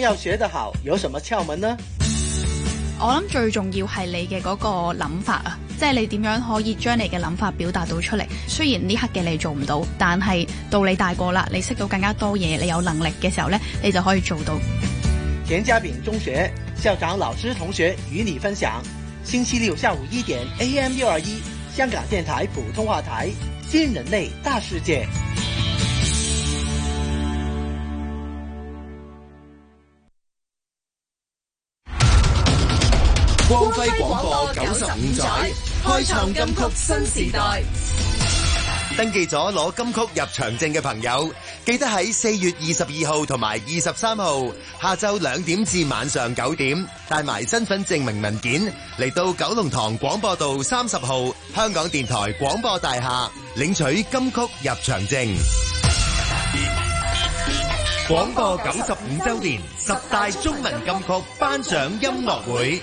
要學得好，有什麼竅門呢？我諗最重要係你嘅嗰個諗法啊，即係你點樣可以將你嘅諗法表達到出嚟。雖然呢刻嘅你做唔到，但係到你大個啦，你識到更加多嘢，你有能力嘅時候咧，你就可以做到。田家炳中學校長老師同學與你分享：星期六下午一點，AM 六二一，香港電台普通話台，《新人類大世界》。.廣播九十五載，開創金曲新時代。登記咗攞金曲入場證嘅朋友，記得喺四月二十二號同埋二十三號下晝兩點至晚上九點，帶埋身份證明文件嚟到九龍塘廣播道三十號香港電台廣播大廈領取金曲入場證。廣播九十五周年，週年十大中文金曲頒獎音樂會。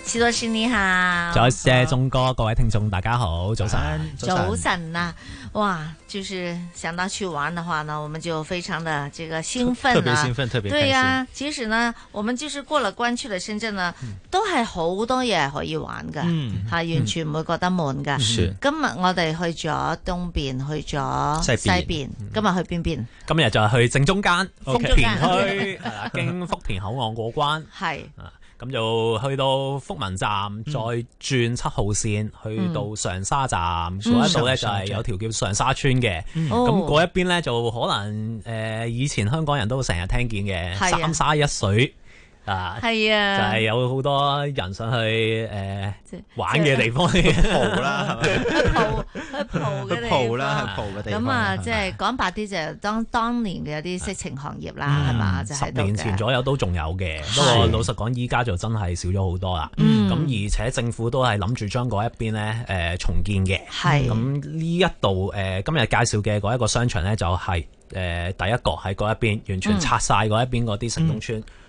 西多士你好，仲有謝中哥，各位聽眾大家好，早晨，早晨啊，哇，就是想到去玩的話呢，我們就非常的這個興奮啦，特別興奮，特別開心。對呀，其實呢，我們就是過了關去了深圳呢，都係好多嘢可以玩噶，吓，完全唔會覺得悶噶。今日我哋去咗東邊，去咗西邊，今日去邊邊？今日就係去正中間福田區，經福田口岸過關，係。咁就去到福民站，嗯、再轉七號線去到上沙站，嗰、嗯、一度咧就係有條叫上沙村嘅，咁嗰一邊咧就可能誒、呃，以前香港人都成日聽見嘅、嗯、三沙一水。啊，係啊，就係有好多人上去誒玩嘅地方，去蒲啦，去去蒲啦，去蒲嘅地方。咁啊，即係講白啲，就當當年嘅一啲色情行業啦，係嘛，就十年前左右都仲有嘅。不過老實講，依家就真係少咗好多啦。咁而且政府都係諗住將嗰一邊咧，誒重建嘅。係咁呢一度誒，今日介紹嘅嗰一個商場咧，就係誒第一個喺嗰一邊，完全拆晒嗰一邊嗰啲城中村。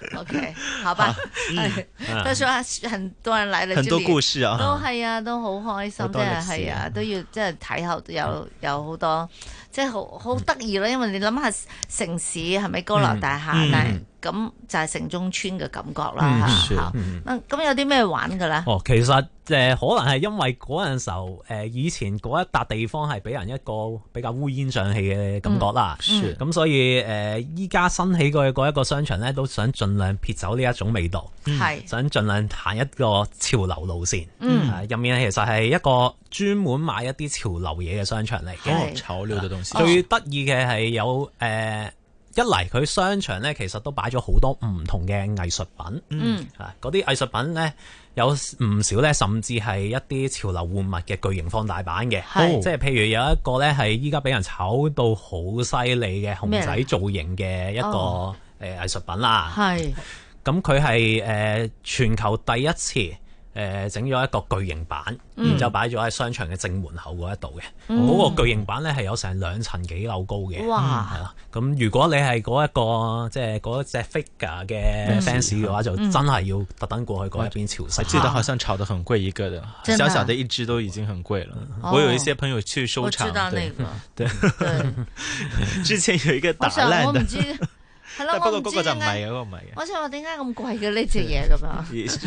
o、okay, K，好吧，係，都係話很多人嚟啦，多故事都係啊，都好、啊啊、開心，即係係啊，是是啊都要即係睇後，有有好多，即係好好得意咯，因為你諗下城市係咪高樓大廈，嗯嗯、但係。咁就係城中村嘅感覺啦，咁有啲咩玩嘅呢？哦，其實、呃、可能係因為嗰陣時候、呃、以前嗰一笪地方係俾人一個比較烏煙瘴氣嘅感覺啦，咁、嗯嗯、所以誒依家新起嘅嗰一個商場呢，都想盡量撇走呢一種味道，嗯、想盡量行一個潮流路線。入、嗯呃、面其實係一個專門買一啲潮流嘢嘅商場嚟嘅，潮流嘅東西。啊、最得意嘅係有誒。呃一嚟，佢商場呢，其實都擺咗好多唔同嘅藝術品，嗯，啊，嗰啲藝術品呢，有唔少呢，甚至係一啲潮流玩物嘅巨型放大版嘅，是哦、即係譬如有一個呢，係依家俾人炒到好犀利嘅熊仔造型嘅一個誒藝術品啦，係，咁佢係誒全球第一次。誒整咗一個巨型版，然之後擺咗喺商場嘅正門口嗰一度嘅，嗰個巨型版咧係有成兩層幾樓高嘅，係啦。咁如果你係嗰一個即係嗰隻 figure 嘅 fans 嘅話，就真係要特登過去嗰一邊朝聖。記得好像炒得很貴，一個的，小小的一支都已經很貴了。我有一些朋友去收藏，對，對，之前有一個打爛的。不係咯，就唔知點解。我想話點解咁貴嘅呢隻嘢咁啊？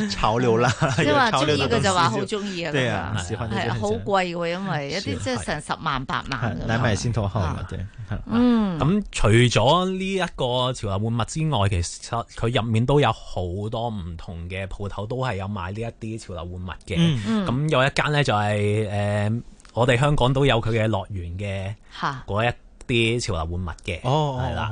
炒料啦，即係話中意佢就話好中意啊。係係好貴喎，因為一啲即係成十萬、八萬你睇咩先通開或者係？咁除咗呢一個潮流玩物之外，其實佢入面都有好多唔同嘅鋪頭，都係有賣呢一啲潮流玩物嘅。咁有一間咧就係誒，我哋香港都有佢嘅樂園嘅嗰一啲潮流玩物嘅。哦哦，係啦。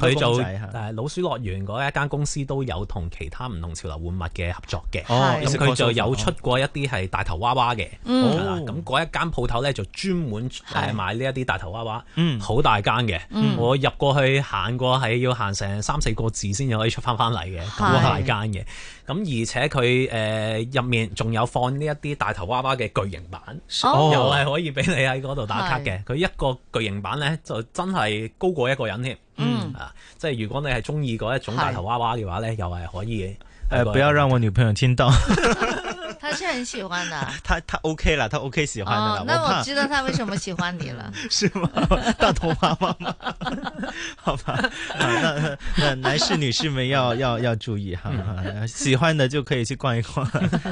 佢做老鼠樂園嗰一間公司都有同其他唔同潮流玩物嘅合作嘅，佢就、哦、有出過一啲係大頭娃娃嘅。啦、哦，咁嗰一間鋪頭咧就專門誒買呢一啲大頭娃娃，好、哦、大間嘅。嗯嗯、我入過去行過係要行成三四個字先至可以出翻返嚟嘅，好大間嘅。咁是而且佢入、呃、面仲有放呢一啲大頭娃娃嘅巨型版，又係、哦、可以俾你喺嗰度打卡嘅。佢是一個巨型版咧就真係高過一個人添。嗯啊，即係如果你係中意嗰一種大頭娃娃嘅話咧，又係可以嘅誒，不要讓我女朋友聽到。他是很喜歡的，他他 OK 啦，他 OK 喜歡的。哦，那我知道他為什麼喜歡你了。是嗎？大頭娃娃嗎？好吧，那那男士女士們要要要注意哈，喜歡的就可以去逛一逛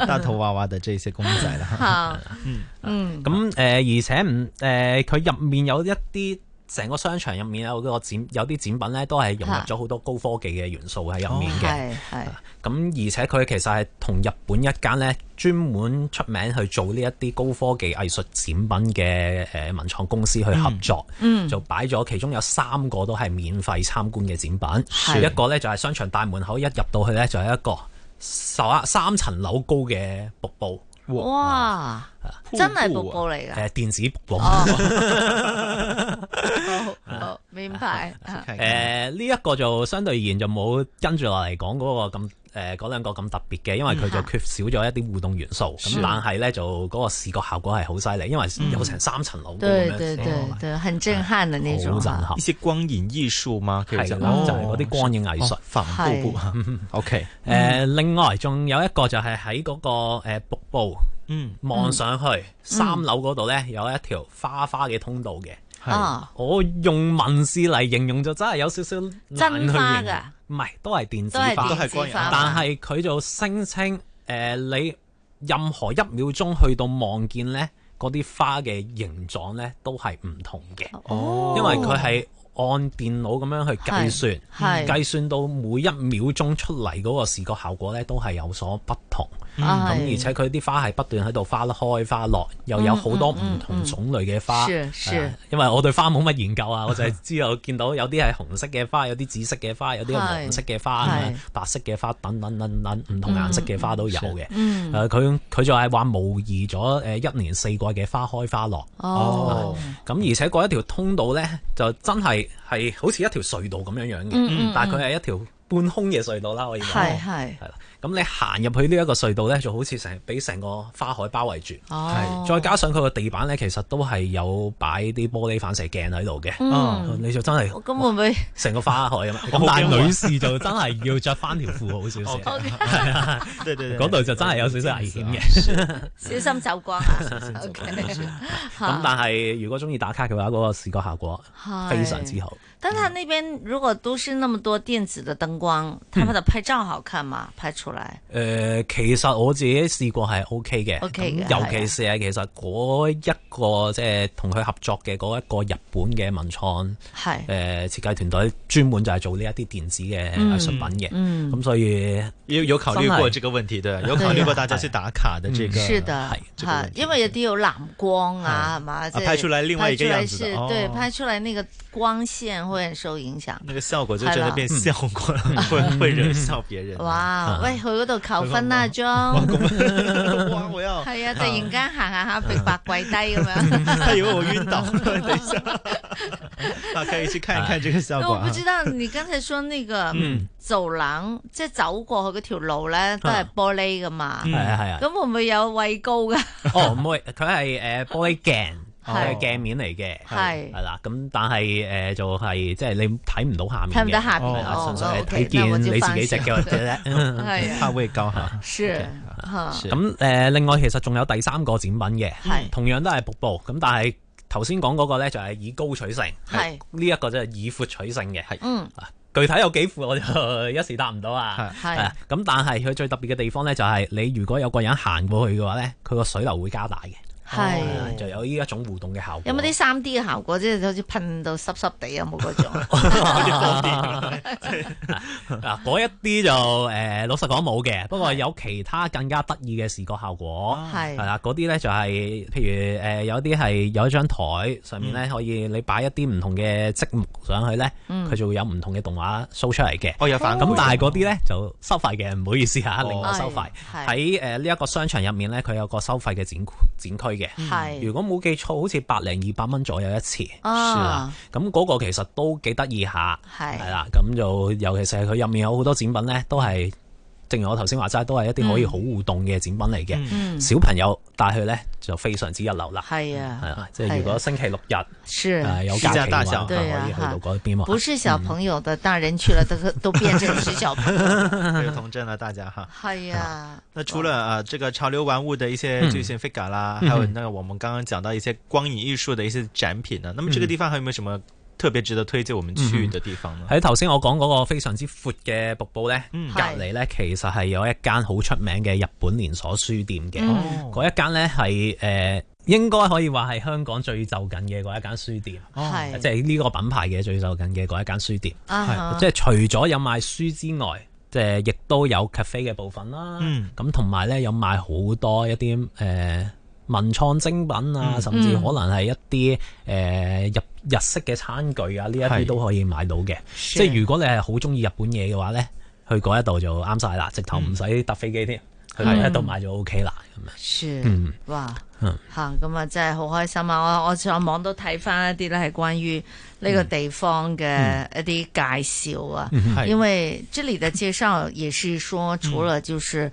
大頭娃娃的這些公仔啦。好，嗯嗯，咁誒，而且唔誒，佢入面有一啲。成個商場入面有個展，有啲展品咧都係融入咗好多高科技嘅元素喺入面嘅。咁而且佢其實係同日本一間咧專門出名去做呢一啲高科技藝術展品嘅誒文創公司去合作。嗯，就擺咗其中有三個都係免費參觀嘅展品。一個咧就係商場大門口一入到去咧就係一個十啊三層樓高嘅瀑布。哇！哇噗真係瀑布嚟噶，誒、啊、電子瀑布？好，明白。誒呢一個就相對而言就冇跟住落嚟講嗰個咁。誒嗰兩個咁特別嘅，因為佢就缺少咗一啲互動元素，咁但係咧就嗰個視覺效果係好犀利，因為有成三層樓咁樣。對對對，很震撼的那種，好震撼，呢啲光影藝術嘛，其實就係嗰啲光影藝術，瀑布。OK，誒，另外仲有一個就係喺嗰個誒瀑布，嗯，望上去三樓嗰度咧有一條花花嘅通道嘅。我用文字嚟形容就真係有少少真花噶，唔係，都係電子化，都係光。但係佢就聲稱誒，你任何一秒鐘去到望見呢嗰啲花嘅形狀呢都係唔同嘅。哦，因為佢係按電腦咁樣去計算，係計算到每一秒鐘出嚟嗰個視覺效果呢都係有所不同。嗯，咁而且佢啲花係不斷喺度花開花落，又有好多唔同種類嘅花，嗯嗯。因為我對花冇乜研究啊，我就係知道， 見到有啲係紅色嘅花，有啲紫色嘅花，有啲黃色嘅花是、嗯嗯、白色嘅花等等等等，唔同顏色嘅花都有嘅。嗯，佢佢、啊、就係話模擬咗誒一年四季嘅花開花落。哦、咁、嗯、而且嗰一條通道呢，就真係係好似一條隧道咁樣樣嘅，嗯嗯、但係佢係一條半空嘅隧道啦。可以講係係。咁你行入去呢一個隧道咧，就好似成俾成個花海包圍住，係、哦、再加上佢個地板咧，其實都係有擺啲玻璃反射鏡喺度嘅。嗯、你就真係咁會唔會成個花海啊？咁但女士就真係要着翻條褲好少少，係啊 Okay,，嗰度就真係有少少危險嘅 ，小心走光。咁 Okay, 但係如果中意打卡嘅話，嗰、那個視覺效果非常之好。是但係呢邊如果都是那麼多電子嘅燈光，嗯、他們的拍照好看嘛？拍出來？誒，其實我自己試過係 O K 嘅，O K 嘅，尤其是係其實嗰一個即係同佢合作嘅嗰一個日本嘅文創，係誒設計團隊專門就係做呢一啲電子嘅藝術品嘅，咁所以有有考慮過這個問題對，有考慮過大家去打卡的這個係，因為有啲有藍光啊，係嘛，拍出來另外一個樣子，對，拍出來那個光線會很受影響，那個效果就真的變效果，會會惹笑別人。哇！喂。去嗰度求婚哇啊，裝係哇啊我！ 突然間行下下，平白跪低咁樣，佢 以為我暈倒。大家可以去看一看這個效果。我不知道你剛才說那個走廊，即係走過去嗰條路咧都係玻璃噶嘛？係啊係啊。咁會唔會有畏高噶？啊、哦，唔會， 佢係誒玻璃鏡。Uh, 係鏡面嚟嘅，係係啦，咁但係誒就係即係你睇唔到下面，睇唔到下面純粹係睇見你自己隻嘅啫，吓會夠吓，咁誒。另外其實仲有第三個展品嘅，同樣都係瀑布，咁但係頭先講嗰個咧就係以高取勝，係呢一個就係以闊取勝嘅，係。嗯，具體有幾闊我就一時答唔到啊。係，咁但係佢最特別嘅地方咧就係你如果有個人行過去嘅話咧，佢個水流會加大嘅。係是、嗯，就有呢一種互動嘅效果。有冇啲三 D 嘅效果，即係好似噴到濕濕地，有冇嗰種？嗱，嗰一啲就誒，老實講冇嘅。是不過有其他更加得意嘅視覺效果，係係啦。嗰啲咧就係、是、譬如誒、呃，有啲係有一張台上面咧，可以你擺一啲唔同嘅積木上去咧，佢、嗯、就會有唔同嘅動畫 show 出嚟嘅。哦、嗯，有咁但係嗰啲咧就收費嘅，唔好意思嚇、啊、哦、另外收費喺誒呢一個商場入面咧，佢有個收費嘅展展區的。嘅，嗯、如果冇記錯，好似百零二百蚊左右一次、啊、算啦。咁嗰個其實都幾得意下，係啦的。咁就尤其是係佢入面有好多展品咧，都係。正如我頭先話齋，都係一啲可以好互動嘅展品嚟嘅，小朋友帶去咧就非常之一流啦。係啊，係啊，即係如果星期六日，是全家大小都可以去到嗰邊嘛。唔係小朋友的大人去了都都變成是小朋友。同志啦，大家哈。係啊。那除了啊，這個潮流玩物的一些最新 figure 啦，還有那我們剛剛講到一些光影藝術的一些展品呢。那麼這個地方還有沒有什麼？特別值得推薦我們去嘅地方。喺頭先我講嗰個非常之闊嘅瀑布呢，隔籬、嗯、呢是其實係有一間好出名嘅日本連鎖書店嘅。嗰、哦、一間呢，係誒、呃，應該可以話係香港最就緊嘅嗰一間書店。即係呢個品牌嘅最就緊嘅嗰一間書店。啊、哈即係除咗有賣書之外，即係亦都有 cafe 嘅部分啦。嗯，咁同埋呢，有賣好多一啲誒。呃文創精品啊，甚至可能係一啲誒日日式嘅餐具啊，呢一啲都可以買到嘅。是即係如果你係好中意日本嘢嘅話呢，是去嗰一度就啱晒啦，直頭唔使搭飛機添，嗯、去一度買就 O K 啦咁樣。嗯、哇！嚇、嗯，咁啊真係好開心啊！我我上網都睇翻一啲咧係關於呢個地方嘅一啲介紹啊，嗯嗯、因為 Julie 嘅介紹也是說，除了就是。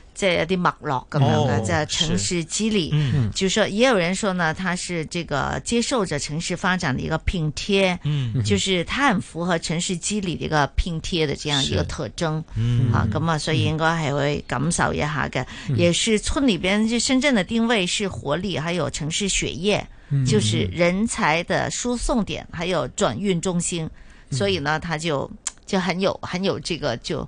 在的啲脈絡咁樣的在城市肌理，是就是說也有人說呢，它是這個接受着城市發展的一個拼貼，嗯、就是他很符合城市肌理的一個拼貼的這樣一個特徵，啊，咁啊，所以應該還會感受一下嘅。嗯、也是村裏邊就深圳的定位是活力，還有城市血液，嗯、就是人才的輸送點，還有轉運中心，嗯、所以呢，它就就很有很有這個就。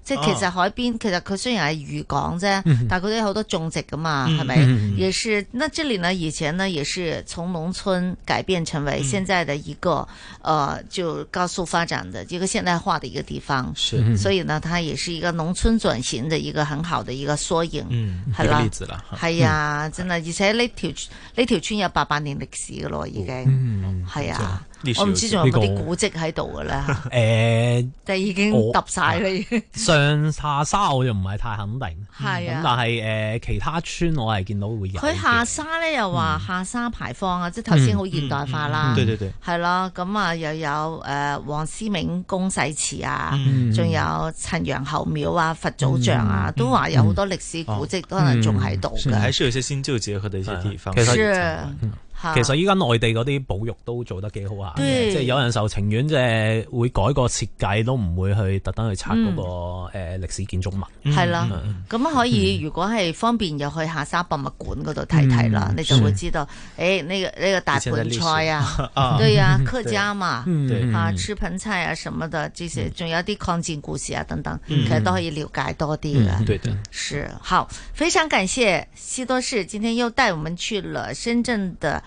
即其實海邊，其實佢雖然係漁港啫，但係佢都有好多種植噶嘛，係咪？也是，那這裏呢，以前呢，也是從農村改變成為現在的一個，呃，就高速發展的一個現代化的一個地方。是，所以呢，它也是一個農村轉型的一個很好的一個縮影。嗯，係啦，係啊，真係。而且呢條呢條村有八百年歷史噶咯，已經。嗯，係啊。我唔知仲有冇啲古跡喺度嘅啦。誒，就已經揼晒啦。上下沙我就唔係太肯定。係啊。咁但係誒，其他村我係見到會有。佢下沙咧又話下沙牌坊啊，即係頭先好現代化啦。對對對。係啦，咁啊又有誒黃思銘公世祠啊，仲有陳楊侯廟啊、佛祖像啊，都話有好多歷史古跡，都可能仲喺度嘅。還是有些新舊結合的一些地方。是。其實依家內地嗰啲保育都做得幾好啊，即係有人受情願即係會改個設計，都唔會去特登去拆嗰個誒歷史建築物。係啦，咁可以如果係方便又去下沙博物館嗰度睇睇啦，你就會知道，誒呢個呢個大盆菜啊，對呀，客家嘛，啊食盆菜啊什麼的，這些仲有啲抗戰故事啊等等，其實都可以了解多啲嘅。對，好，非常感謝西多士，今天又帶我們去了深圳的。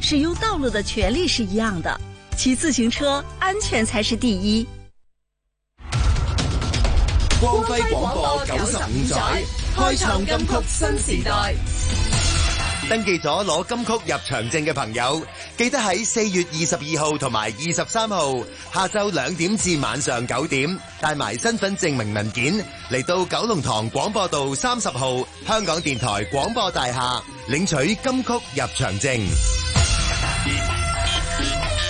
使用道路的權利是一樣的，騎自行車安全才是第一。光輝廣播九十五載，開創金曲新時代。登記咗攞金曲入場證嘅朋友，記得喺四月二十二號同埋二十三號下晝兩點至晚上九點，帶埋身份證明文件嚟到九龍塘廣播道三十號香港電台廣播大廈領取金曲入場證。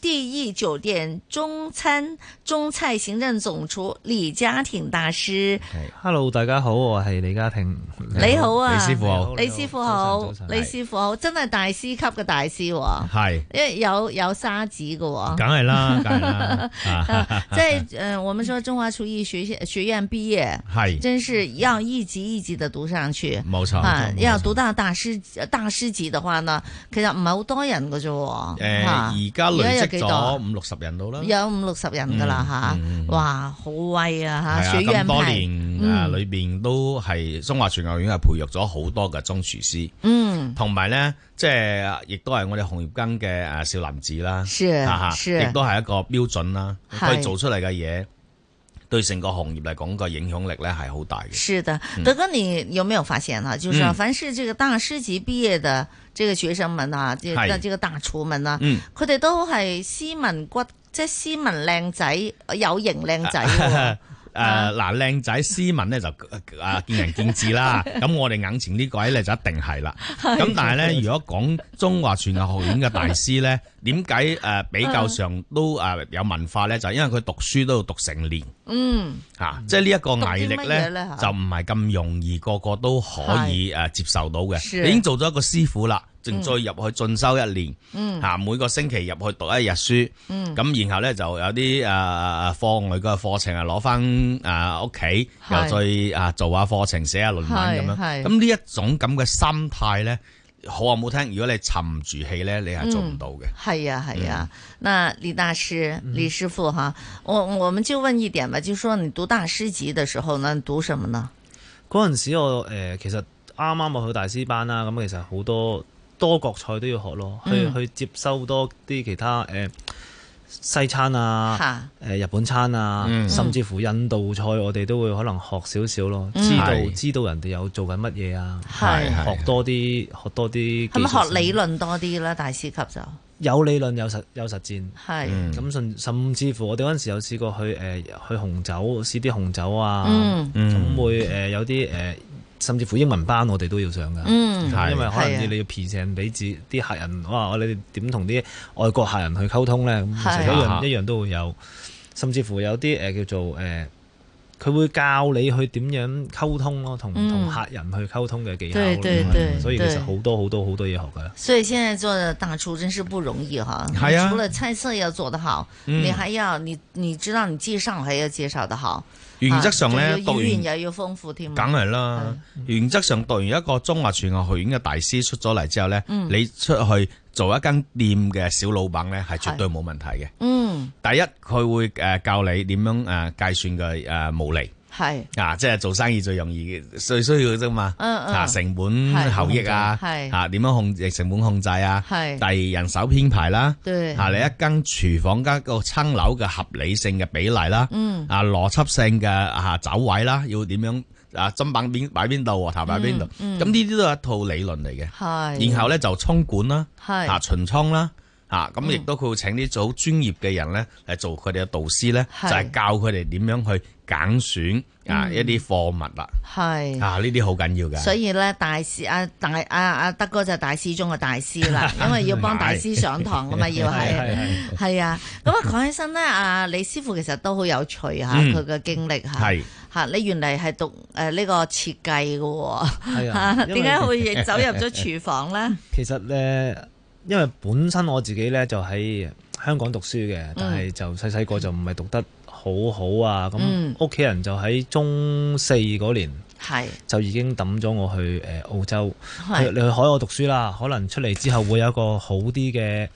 帝逸酒店中餐中菜行政總廚李家庭大師，係，hello 大家好，我係李家庭。你好啊，李師傅，李師傅好，李師傅好，真係大師級嘅大師，係，因為有有沙紙喎。梗係啦，在，嗯，我們說中華廚藝學院學院畢業，係，真是要一級一級的讀上去，冇錯，要因讀到大師大師級的話呢，其實唔係好多人嘅啫，誒，而家咗五六十人到啦，有五六十人噶啦吓，哇，好威啊吓！咁多年啊，裏邊都係中華廚藝學院係培育咗好多嘅中廚師，嗯，同埋咧，即係亦都係、嗯就是、我哋紅葉根嘅啊少林寺啦，啊吓，亦都係一個標準啦，可以做出嚟嘅嘢。對成個行業嚟講，個影響力咧係好大嘅。是的，德哥，你有沒有發現啊？嗯、就是凡是這個大師級畢業的這個學生們啊，即是個大廚們啊，佢哋、嗯、都係斯文骨，即、就、係、是、斯文靚仔，有型靚仔。 誒，嗱、呃，靚仔斯文咧就誒見仁見智啦。咁 我哋眼前呢個位咧就一定係啦。咁 但係咧，如果講中華傳藝學院嘅大師咧，點解誒比較上都誒有文化咧？就係、因為佢讀書都要讀成年。嗯。吓、啊，即係呢一個毅力咧，就唔係咁容易,、嗯、容易個個都可以誒接受到嘅。的你已經做咗一個師傅啦。淨再入去進修一年，吓、嗯、每個星期入去讀一日書，咁、嗯、然後咧就有啲誒課外嘅課程係攞翻誒屋企，是又再啊做下課程寫論、寫下論文咁樣。咁呢一種咁嘅心態咧，好話唔好聽，如果你沉住氣咧，你係做唔到嘅。係啊係啊，啊嗯、那李大師、李師傅哈，嗯、我我們就問一點嘛，就說你讀大師級嘅時候，你讀什麼呢？嗰陣時我誒、呃，其實啱啱我去大師班啦，咁其實好多。多國菜都要學咯，去去接收多啲其他誒、呃、西餐啊，誒、呃、日本餐啊，嗯、甚至乎印度菜，我哋都會可能學少少咯，嗯、知道是知道人哋有做緊乜嘢啊，學多啲學多啲。咁學理論多啲啦，大師級就有理論有實有實戰。係咁，甚甚至乎我哋嗰陣時候有試過去誒、呃、去紅酒試啲紅酒啊，咁、嗯嗯、會誒、呃、有啲誒。呃甚至乎英文班我哋都要上噶，係、嗯、因為可能要你要 present 俾自啲客人，啊、哇！我你哋點同啲外國客人去溝通咧？咁、啊、一樣一樣都會有，甚至乎有啲誒、呃、叫做誒，佢、呃、會教你去點樣溝通咯，同同、嗯、客人去溝通嘅技巧。對，對，對、嗯、所以其實好多好對多好多嘢學噶。所以現在做的大廚真是不容易嚇，係啊！除了菜色要做得好，嗯、你還要你你知道你介紹還要介紹得好。原則上呢讀完又要豐富添，梗係啦。是原則上、嗯、讀完一個中華傳學學院嘅大師出咗嚟之後呢、嗯、你出去做一間店嘅小老闆呢係絕對冇問題嘅。是嗯，第一佢會教你點樣誒計算嘅毛利。係是啊，即係做生意最容易嘅最需要嘅啫嘛，啊、uh, uh, 成本效益啊，吓點、啊、樣控制成本控制啊，是第二人手編排啦、啊，對啊你一間廚房加個餐樓嘅合理性嘅比例啦、啊嗯啊啊，啊邏輯性嘅走位啦，要點樣啊砧板邊擺邊度，頭擺邊度，咁呢啲都係一套理論嚟嘅，是的然後咧，就倉管啦、啊，吓巡倉啦。啊吓咁亦都佢會請啲好專業嘅人咧，嚟做佢哋嘅導師咧，就係教佢哋點樣去揀選啊一啲貨物啦。係啊，呢啲好緊要嘅。所以咧，大師阿阿德哥就係大師中嘅大師啦，因為要幫大師上堂噶嘛，要係，係啊。咁啊，講起身咧，阿李師傅其實都好有趣吓，佢嘅經歷吓吓，你原嚟係讀誒呢個設計嘅喎，吓點解會亦走入咗廚房咧？其實咧。因為本身我自己咧就喺香港讀書嘅，但係就細細個就唔係讀得好好啊，咁屋企人就喺中四嗰年是就已經抌咗我去誒、呃、澳洲，你是去，去海外讀書啦，可能出嚟之後會有一個好啲嘅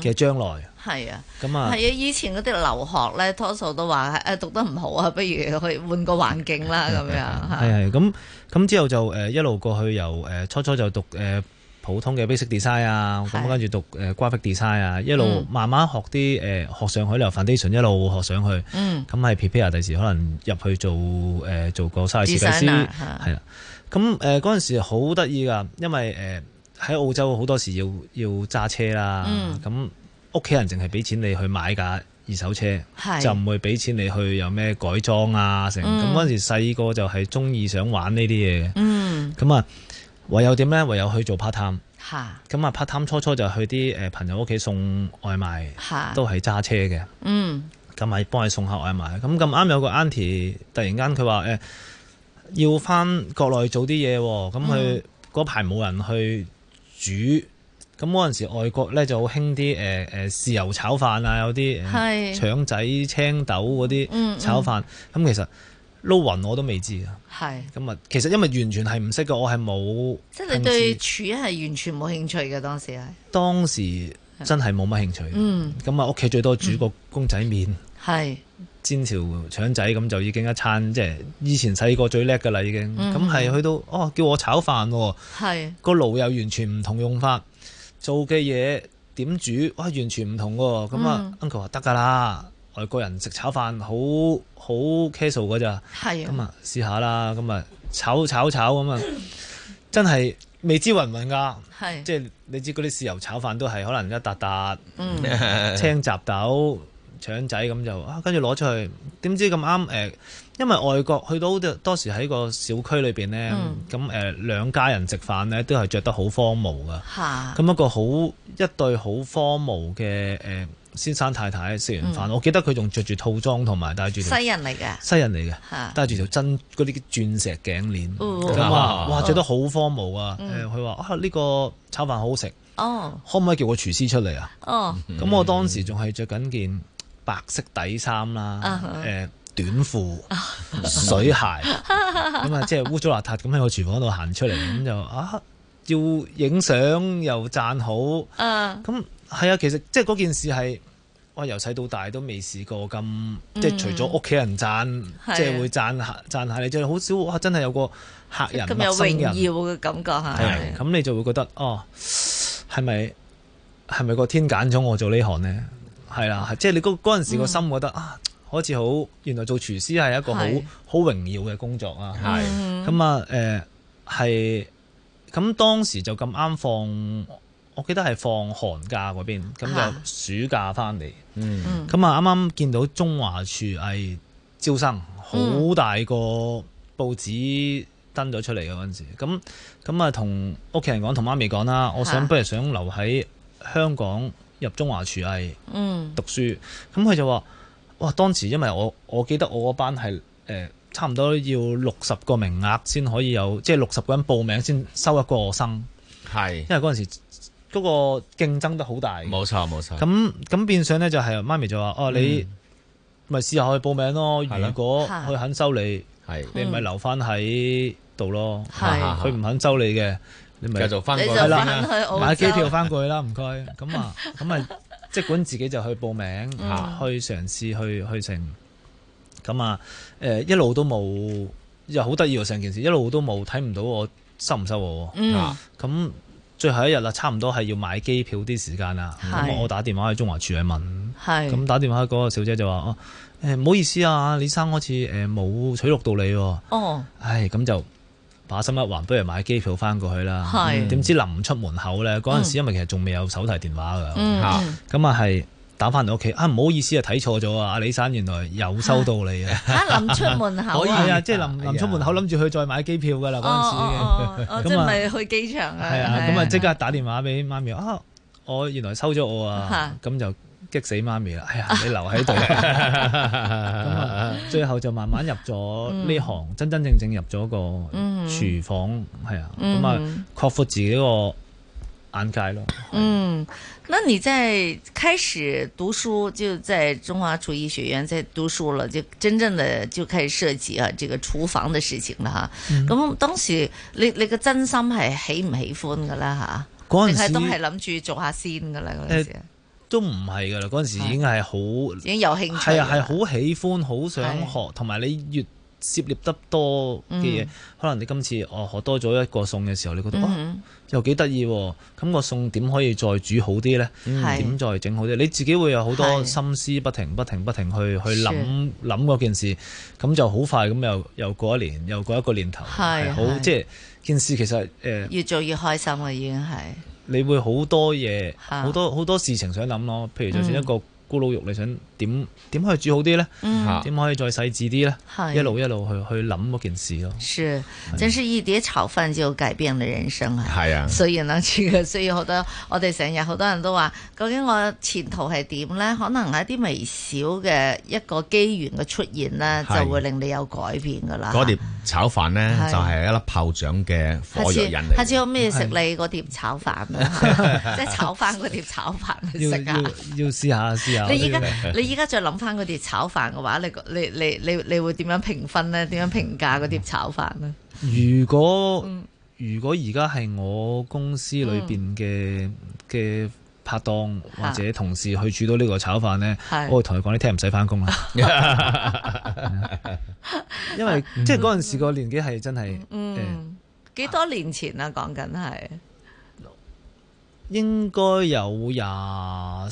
嘅將來。係啊，係啊，啊，以前嗰啲留學咧，多數都話誒讀得唔好啊，不如去換個環境啦咁的樣。係係咁咁之後就誒、呃、一路過去，由誒、呃、初初就讀誒。呃普通嘅 basic design 啊是，咁跟住讀誒 graphic design 啊，一路慢慢學啲誒學上海流 foundation，一路學上去，咁係 prepare 第時可能入去做誒、呃、做個車設計師，係啦。咁誒嗰陣時好得意噶，因為誒喺、呃、澳洲好多時要要揸車啦，咁屋企人淨係俾錢你去買架二手車，是就唔會俾錢你去有咩改裝啊成。咁嗰陣時細個就係中意想玩呢啲嘢，咁、嗯、啊。唯有點呢？唯有去做 part time、啊。嚇！咁啊，part time 初初就去啲誒朋友屋企送外賣，啊、都係揸車嘅。嗯。咁咪幫佢送下外賣。咁咁啱有個 auntie 突然間佢話誒，要翻國內做啲嘢喎。咁佢嗰排冇人去煮。咁嗰陣時外國呢就好興啲誒誒，豉油炒飯啊，有啲係腸仔青豆嗰啲炒飯。咁、嗯嗯嗯、其實。撈勻我都未知啊！係咁啊，其實因為完全係唔識嘅，我係冇。即係你對煮係完全冇興趣嘅當時係。當時真係冇乜興趣。吧嗯。咁啊，屋企最多煮個公仔麵。係。吧嗯、煎條腸仔咁就已經一餐，即係以前細個最叻㗎啦已經。嗯都。咁係去到哦，叫我炒飯喎、啊。係。個爐又完全唔同用法，做嘅嘢點煮哇，完全唔同喎。咁啊，uncle 話得㗎啦。外國人食炒飯好好 casual 噶咋，咁啊的試下啦，咁啊炒炒炒咁啊，真係未知雲雲噶，即係的、就是、你知嗰啲豉油炒飯都係可能一笪笪、嗯呃、青雜豆腸仔咁就，跟住攞出去，點知咁啱誒？因為外國去到好多時喺個小區裏邊咧，咁誒、嗯呃、兩家人食飯咧都係着得好荒謬噶，咁的一個好一對好荒謬嘅誒。呃先生太太食完飯，我記得佢仲着住套裝同埋戴住條西人嚟嘅，西人嚟嘅，戴住條真嗰啲鑽石頸鏈，哇哇，着得好荒謬啊！佢話啊，呢個炒飯好好食，可唔可以叫個廚師出嚟啊？咁我當時仲係着緊件白色底衫啦，誒短褲、水鞋，咁啊，即係污糟邋遢咁喺個廚房度行出嚟，咁就啊，要影相又讚好，咁。係啊，其實即係嗰件事係，我由細到大都未試過咁，嗯、即係除咗屋企人讚，即係的會讚下讚下你，就好少啊！真係有個客人、咁有榮耀嘅感覺係咁你就會覺得哦，係咪係咪個天揀咗我做呢行呢？係啦，即係你嗰嗰陣時個心覺得、嗯、啊，好似好，原來做廚師係一個好好榮耀嘅工作啊！係咁啊，誒，係咁當時就咁啱放。我記得係放寒假嗰邊，咁就暑假翻嚟、啊。嗯，咁啊，啱啱見到中華廚藝招生，好、嗯、大個報紙登咗出嚟嗰陣時候。咁咁啊，同屋企人講，同媽咪講啦，我想不如想留喺香港入中華廚藝。嗯，讀書。咁佢、嗯、就話：哇！當時因為我我記得我嗰班係誒、呃、差唔多要六十個名額先可以有，即係六十個人報名先收一個學生。係是，因為嗰陣時。嗰個競爭得好大，冇錯冇錯。咁咁變相咧就係媽咪就話：哦，你咪試下去報名咯。如果佢肯收你，你咪留翻喺度咯。係佢唔肯收你嘅，你咪繼續翻過去啦。買機票翻過去啦，唔該。咁啊，咁啊，即管自己就去報名，去嘗試去去成。咁啊，誒一路都冇，又好得意喎！成件事一路都冇睇唔到我收唔收我。咁。最後一日啦，差唔多係要買機票啲時間啦。是我打電話去中華處去問，咁是打電話嗰個小姐就話：哦、哎，誒唔好意思啊，李生好似冇取錄到你喎。哦，唉咁就把心一橫，不如買機票翻過去啦。係是，點、嗯、知臨出門口咧，嗰陣時因為其實仲未有手提電話嘅，嚇、嗯，咁啊係。嗯打翻嚟屋企啊！唔好意思啊，睇錯咗啊！阿李生原來又收到你啊！啊，臨出門口可以啊，即係臨臨出門口諗住去再買機票噶啦嗰陣時，咁啊，去機場係啊，咁啊即刻打電話俾媽咪啊！我原來收咗我啊，咁就激死媽咪啦！哎呀，你留喺度，最後就慢慢入咗呢行，真真正正入咗個廚房係啊，咁啊擴闊自己個。眼界咯，嗯，那你在開始讀書，就在中華廚藝學院在讀書了，就真正的就開始涉及啊，這個廚房的事情啦吓。咁、嗯、當時你你個真心係喜唔喜歡噶啦吓？嗰陣時都係諗住做下先噶啦嗰陣時，呃、都唔係噶啦，嗰陣時已經係好、嗯、已經有興趣的，係啊係好喜歡好想學，同埋唉你越。涉獵得多嘅嘢，可能你今次哦學多咗一個餸嘅時候，你覺得、嗯哼啊、又幾得意喎，咁、嗰個餸點可以再煮好啲呢？點、嗯、再整好啲？你自己會有好多心思，是不停不停不停去去諗諗嗰件事，咁就好快咁又又過一年，又過一個年頭，係是是好即係件事。其實誒，呃、越做越開心啦，已經係。你會好多嘢，好是多好多，好多事情想諗咯。譬如就算一個咕嚕肉，你想、嗯。點點可以煮好啲咧？點可以再細緻啲咧？一路一路去去諗嗰件事咯。係，真係一碟炒飯就改變了你人生啊！係啊，所以呢，真係需要好多。我哋成日好多人都話：究竟我前途係點咧？可能係啲微小嘅一個機緣嘅出現咧，就會令你有改變噶啦。嗰碟炒飯咧，就係一粒炮仗嘅火藥引嚟。下次我咩食你嗰碟炒飯啊？即係炒飯，嗰碟炒飯，要要要試下試下。你依家而家再諗翻嗰碟炒飯嘅話，你你你你你會點樣評分呢？點樣評價嗰碟炒飯呢如？如果如果而家係我公司裏邊嘅嘅拍檔或者同事去煮到呢個炒飯呢，啊、我會同佢講你聽唔使翻工啦， 因為即係嗰陣時個年紀係真係，嗯，幾多年前啦、啊，講緊係。應該有廿二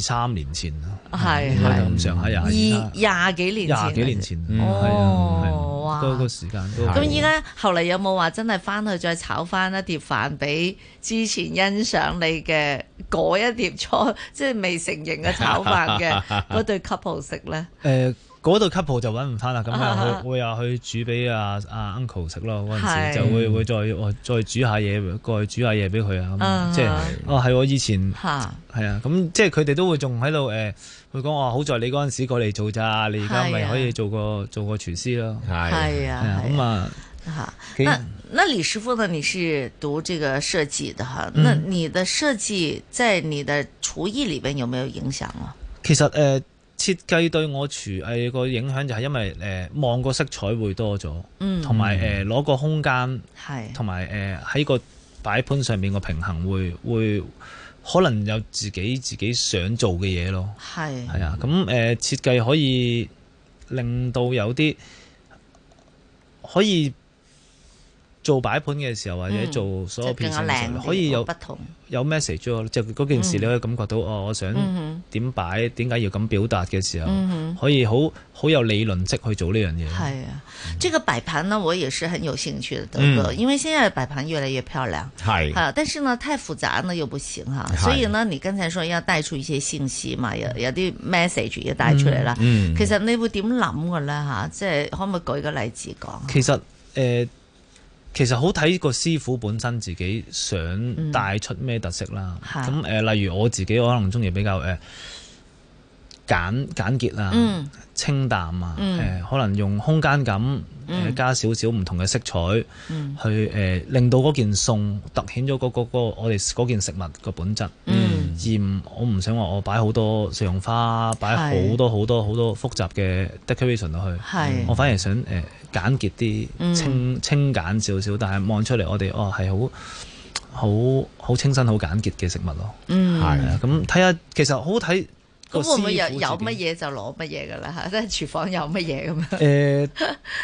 三年前啦，係係咁上下廿二廿幾年，廿幾是年前哦，哇是，多個時間都咁。依家後嚟有冇話真係翻去再炒翻一碟飯俾之前欣賞你嘅嗰一碟菜，即係未成型嘅炒飯嘅嗰對 couple 食咧？誒 呃。嗰度 couple 就揾唔翻啦，咁啊會會又去煮俾阿阿 uncle 食咯，嗰陣時就會會再再煮下嘢，過去煮下嘢俾佢啊，咁即係哦係我以前係啊，咁即係佢哋都會仲喺度誒，佢講話好在你嗰陣時過嚟做咋，你而家咪可以做個做個廚師咯，係啊咁啊吓，那那李師傅呢？你是讀這個設計嘅？哈，那你的設計在你的廚藝裏邊有沒有影響啊？其實誒。設計對我廚藝個影響就係因為誒，望個色彩會多咗，同埋誒，攞個空間，同埋誒，喺個擺盤上面個平衡會會可能有自己自己想做嘅嘢咯，係係是啊，咁誒、呃、設計可以令到有啲可以。做擺盤嘅時候，或者做所有編嘅時候，可以有不同有 message 喎，就嗰件事你可以感覺到哦，我想點擺，點解要咁表達嘅時候，可以好好有理論式去做呢樣嘢。係啊，即個擺盤呢，我也是很有興趣嘅，因為現在擺盤越嚟越漂亮。係，但是呢太複雜呢又不行吓，所以呢你剛才說要帶出一些信息嘛，有有啲 message 要帶出嚟啦。其實你會點諗嘅咧？吓，即係可唔可以舉個例子講？其實誒。其實好睇個師傅本身自己想帶出咩特色啦。咁、嗯呃、例如我自己，我可能中意比較誒、呃、簡簡潔啊、嗯、清淡啊、呃。可能用空間感、呃、加少少唔同嘅色彩、嗯、去、呃、令到嗰件餸突顯咗嗰、嗰個、我哋嗰件食物嘅本質。嗯、而唔我唔想話我擺好多食用花，擺好多好多好多複雜嘅 decoration 落去。我反而想誒。呃簡潔啲，清清簡少少，但係望出嚟我哋哦係好好好清新、好簡潔嘅食物咯，係啊、嗯。咁睇下其實好睇。咁會唔會有有乜嘢就攞乜嘢㗎啦？即係廚房有乜嘢咁樣？誒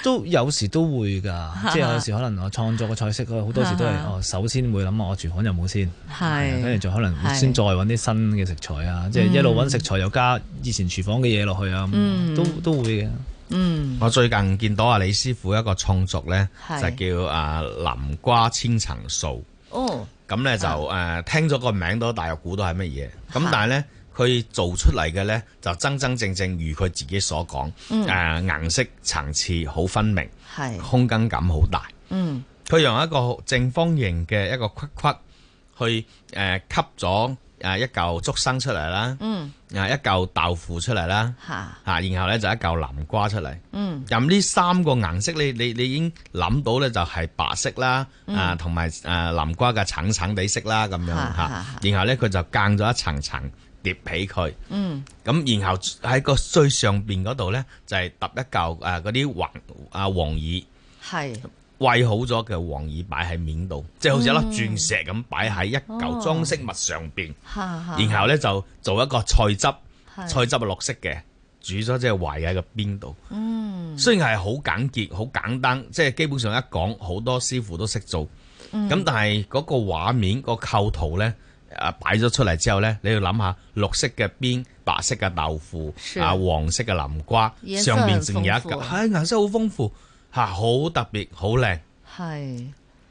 都有時都會㗎，即係有時可能我創作嘅菜式，好 多時都係、哦、首先會諗下，我廚房有冇先，跟住就可能先再揾啲新嘅食材啊，即係一路揾食材又加以前廚房嘅嘢落去啊，都都會嘅。嗯，我最近見到啊李師傅一個創作呢是就叫啊南、呃、瓜千層酥。哦，咁呢就誒、啊呃、聽咗個名都大約估到係乜嘢，咁、啊、但係呢，佢做出嚟嘅呢就真真正正，正如佢自己所講，誒顏、嗯呃、色層次好分明，空間是感好大。嗯，佢用一個正方形嘅一個框框去誒、呃、吸咗。啊！一嚿竹笙出嚟啦，嗯，啊一嚿豆腐出嚟啦，吓然後咧就一嚿南瓜出嚟，嗯，咁呢三個顏色你你你已經諗到咧就係白色啦，啊同埋誒南瓜嘅橙橙地色啦咁樣吓，然後咧佢就間咗一層層疊起佢，嗯，咁然後喺個最上邊嗰度咧就係揼一嚿誒嗰啲黃啊黃耳，係。喂好咗嘅黃耳擺喺面度，即係好似一粒鑽石咁擺喺一嚿裝飾物上邊，嗯哦、然後呢就做一個菜汁，菜汁係綠色嘅，煮咗即係圍喺個邊度。嗯，雖然係好簡潔、好簡單，即係基本上一講好多師傅都識做，咁、嗯、但係嗰個畫面、嗯、個構圖呢，誒擺咗出嚟之後呢，你要諗下綠色嘅邊、白色嘅豆腐是啊、黃色嘅南瓜上邊成彩有一嚿，係顏色好豐富。哎.吓，好、啊、特別，好靚，係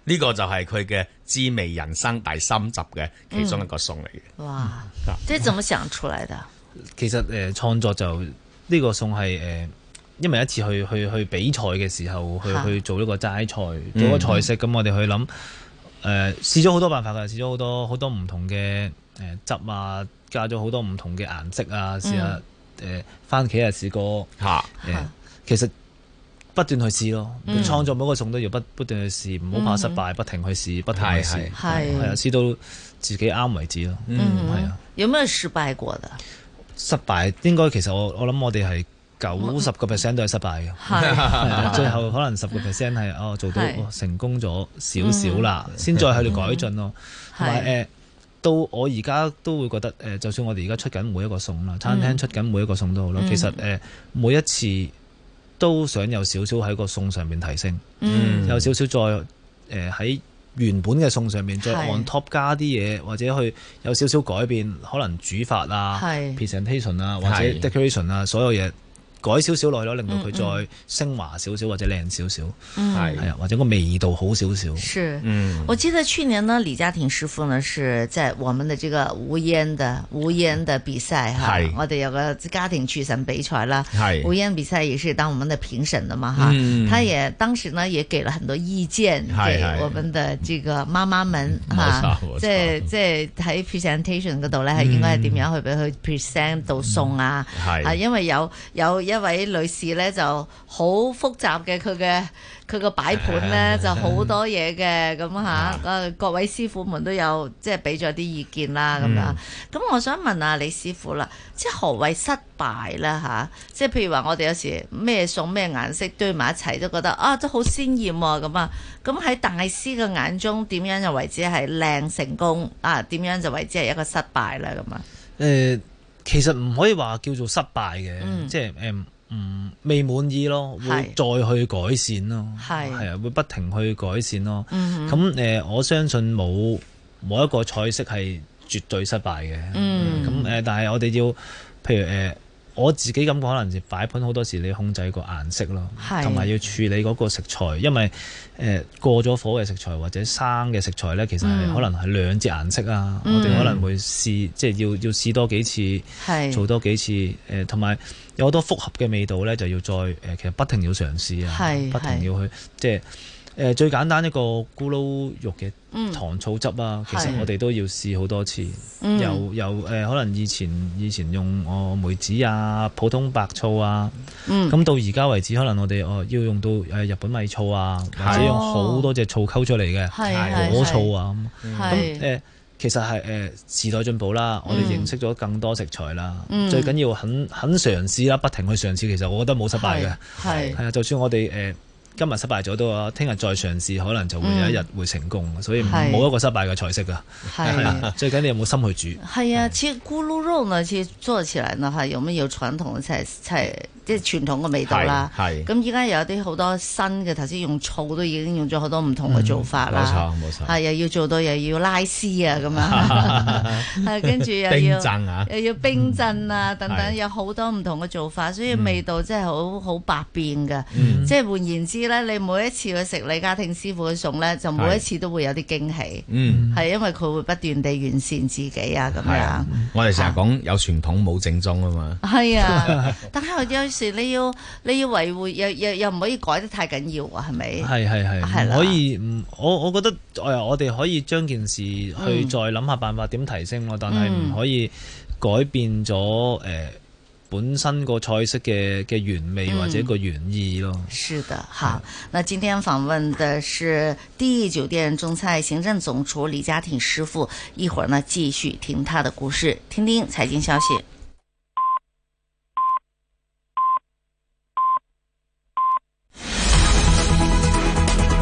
呢是個就係佢嘅滋味人生第三集嘅其中一個餸嚟嘅。哇！即係點樣想出來嘅、啊？其實誒，創、呃、作就呢、這個餸係誒，因為一次去去去，去比賽嘅時候，去哈去做一個齋菜，做、嗯、個菜式咁，我哋去諗誒、呃，試咗好多辦法噶，試咗好多好多唔同嘅誒汁啊，加咗好多唔同嘅顏色啊，試下誒，番茄啊，試過吓、呃，其實。不斷去試咯，創作每一個餸都要不不斷去試，唔好怕失敗，不停去試，不停去試，係啊，試到自己啱為止咯。係啊，有咩失敗過的？失敗應該其實我我諗我哋係九十個 percent 都係失敗嘅，最後可能十個 percent 係哦做到成功咗少少啦，先再去嚟改進咯。同埋誒，到我而家都會覺得誒，就算我哋而家出緊每一個餸啦，餐廳出緊每一個餸都好啦，其實誒每一次。都想有少少喺個餸上面提升，嗯、有少少再誒喺原本嘅餸上面，嗯、再 on top 加啲嘢，是或者去有少少改變，可能煮法啊、是 presentation 啊或者 decoration 啊所有嘢。改少少落去咯，令到佢再升華少少或者靚少少，係係啊，或者個味道好少少。是，嗯，我記得去年呢，李家庭師傅呢是在我們的這個無煙的無煙的比賽哈，我哋有個家庭廚神比賽啦，係無煙比賽也是當我們的評審的嘛哈，他也當時呢也給了很多意見，給我們的這個媽媽們即係即係喺 presentation 度咧係應該係點樣去俾佢 present 到餸啊，係啊，因為有有。一位女士呢就好複雜嘅，佢嘅佢個擺盤咧就好多嘢嘅，咁、啊、吓，啊、各位師傅們都有即係俾咗啲意見啦，咁啊、嗯，咁我想問下李師傅啦，即係何謂失敗咧吓、啊？即係譬如話我哋有時咩餸咩顏色堆埋一齊，都覺得啊都好鮮艷啊咁啊，咁喺、啊、大師嘅眼中，點樣就為之係靚成功啊？點樣就為之係一個失敗咧？咁啊、呃？誒。其實唔可以話叫做失敗嘅，嗯、即係誒，唔、嗯、未滿意咯，會再去改善咯，係啊是，會不停去改善咯。咁誒、嗯哼呃，我相信冇冇一個菜式係絕對失敗嘅。咁誒、嗯呃，但係我哋要，譬如誒。呃我自己感覺可能就擺盤好多時，你控制個顏色咯，同埋是要處理嗰個食材，因為誒過咗火嘅食材或者生嘅食材呢，其實係可能係兩隻顏色啊。嗯、我哋可能會試，即係要要試多幾次，是做多幾次誒，同埋有好多複合嘅味道呢，就要再誒，其實不停要嘗試啊，不停要去即係。誒最簡單一個咕嚕肉嘅糖醋汁啊，其實我哋都要試好多次，由由誒可能以前以前用哦梅子啊、普通白醋啊，咁到而家為止，可能我哋哦要用到誒日本米醋啊，或者用好多隻醋溝出嚟嘅果醋啊，咁誒其實係誒時代進步啦，我哋認識咗更多食材啦，最緊要肯肯嘗試啦，不停去嘗試，其實我覺得冇失敗嘅，係啊，就算我哋誒。今日失敗咗都啊，聽日再嘗試，可能就會有一日會成功。嗯、所以冇一個失敗嘅菜式㗎，的 最緊要你有冇心去煮。係啊，其實咕嚕肉呢，其實做起嚟呢，有冇有傳統嘅菜菜，菜即係傳統嘅味道啦，係。咁依家又有啲好多新嘅，頭先用醋都已經用咗好多唔同嘅做法啦，冇錯冇錯。係又要做到又要拉絲啊咁樣，係跟住又要又要冰鎮啊等等，有好多唔同嘅做法，所以味道真係好好百變嘅。即係換言之咧，你每一次去食李家庭師傅嘅餸咧，就每一次都會有啲驚喜。嗯，係因為佢會不斷地完善自己啊咁樣。我哋成日講有傳統冇正宗啊嘛。係啊，但係我。你要你要維護又又又唔可以改得太緊要啊，係咪？係係係，唔的可以唔，我我覺得誒、哎，我哋可以將件事去再諗下辦法點提升咯，嗯、但係唔可以改變咗誒、呃、本身個菜式嘅嘅原味或者個原意咯。嗯、是的，好。的那今天訪問的是第一酒店中菜行政總廚李家庭師傅，一會兒呢繼續聽他的故事，聽聽財經消息。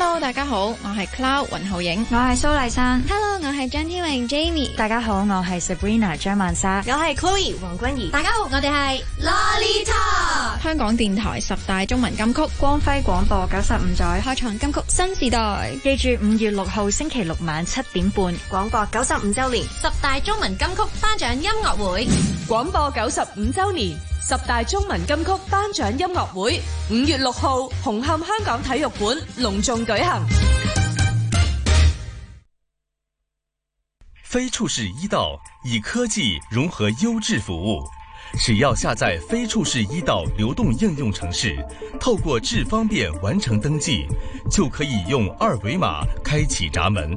hello，大家好，我係 Cloud 雲浩影，我係蘇麗珊，hello，我係張天穎 Jamie，大家好，我係 Sabrina 張曼莎，我係 Chloe 黃君怡，大家好，我哋係 Lolly Talk。香港電台十大中文金曲，光輝廣播九十五載，開創金曲新時代。記住五月六號星期六晚七點半，廣播九十五周年十大中文金曲頒獎音樂會，廣播九十五周年。十大中文金曲頒獎音樂會，五月六號，紅磡香港體育館隆重舉行。非處事醫道以科技融合優質服務，只要下載非處事醫道流動應用程式，透過智方便完成登記，就可以用二維碼開啟閘門。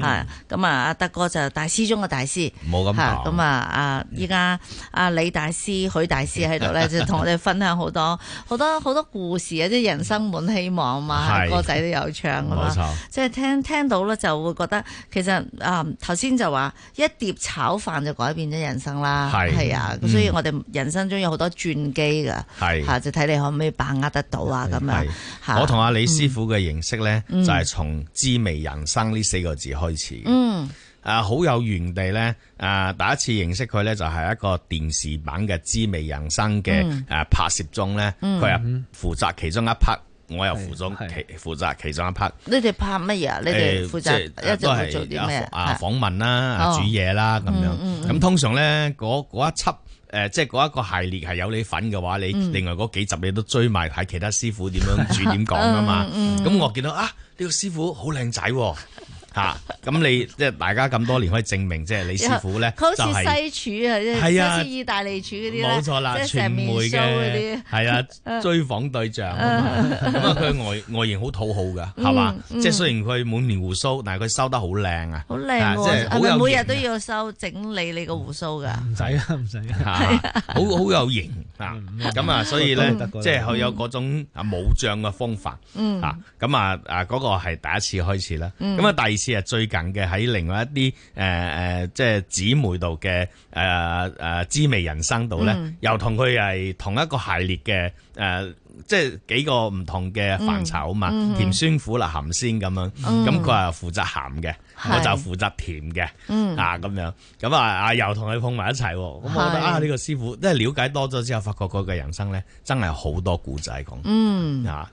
吓咁啊！阿德哥就大師中嘅大師，冇咁講。咁啊，阿依家阿李大師、許大師喺度咧，就同我哋分享好多好多好多故事啊！即係人生滿希望嘛，歌仔都有唱噶嘛，即係聽聽到咧就會覺得，其實啊，頭先就話一碟炒飯就改變咗人生啦，係啊。咁所以我哋人生中有好多轉機噶，吓就睇你可唔可以把握得到啊？咁樣，我同阿李師傅嘅認識咧，就係從滋味人生呢四個字，開始嗯啊好有緣地咧啊第一次認識佢咧就係一個電視版嘅滋味人生嘅誒拍攝中咧佢又負責其中一 part 我又負責其負責其中一 part 你哋拍乜嘢啊？你哋負責都係做啲咩啊？訪問啦啊煮嘢啦咁樣咁通常咧嗰嗰一輯誒即係嗰一個系列係有你份嘅話你另外嗰幾集你都追埋喺其他師傅點樣煮點講噶嘛咁我見到啊呢個師傅好靚仔。吓，咁你即係大家咁多年可以證明，即係李師傅咧，好似西廚啊，即係意大利廚嗰啲啦，即係傳媒嘅啲，係啊追訪對象。咁啊，佢外外型好討好噶，係嘛？即係雖然佢滿面鬍鬚，但係佢收得好靚啊，好靚喎！即係每日都要收整理你個鬍鬚㗎。唔使啦，唔使啦，好好有型。咁啊，所以咧，即係佢有嗰種啊武將嘅風範啊。咁啊啊嗰個係第一次開始啦。咁啊第二。似係，最近嘅喺另外一啲誒誒，即係姊妹度嘅誒誒滋味人生度咧、呃，又同佢係同一個系列嘅誒、呃，即係幾個唔同嘅範疇啊嘛，嗯、甜酸苦辣鹹鮮咁樣，咁佢係負責鹹嘅，我就負責甜嘅，是啊咁樣，咁啊啊又同佢碰埋一齊，咁、嗯、我覺得啊呢、呢個師傅，即係了解多咗之後，發覺佢嘅人生咧，真係好多古仔講，啊～啊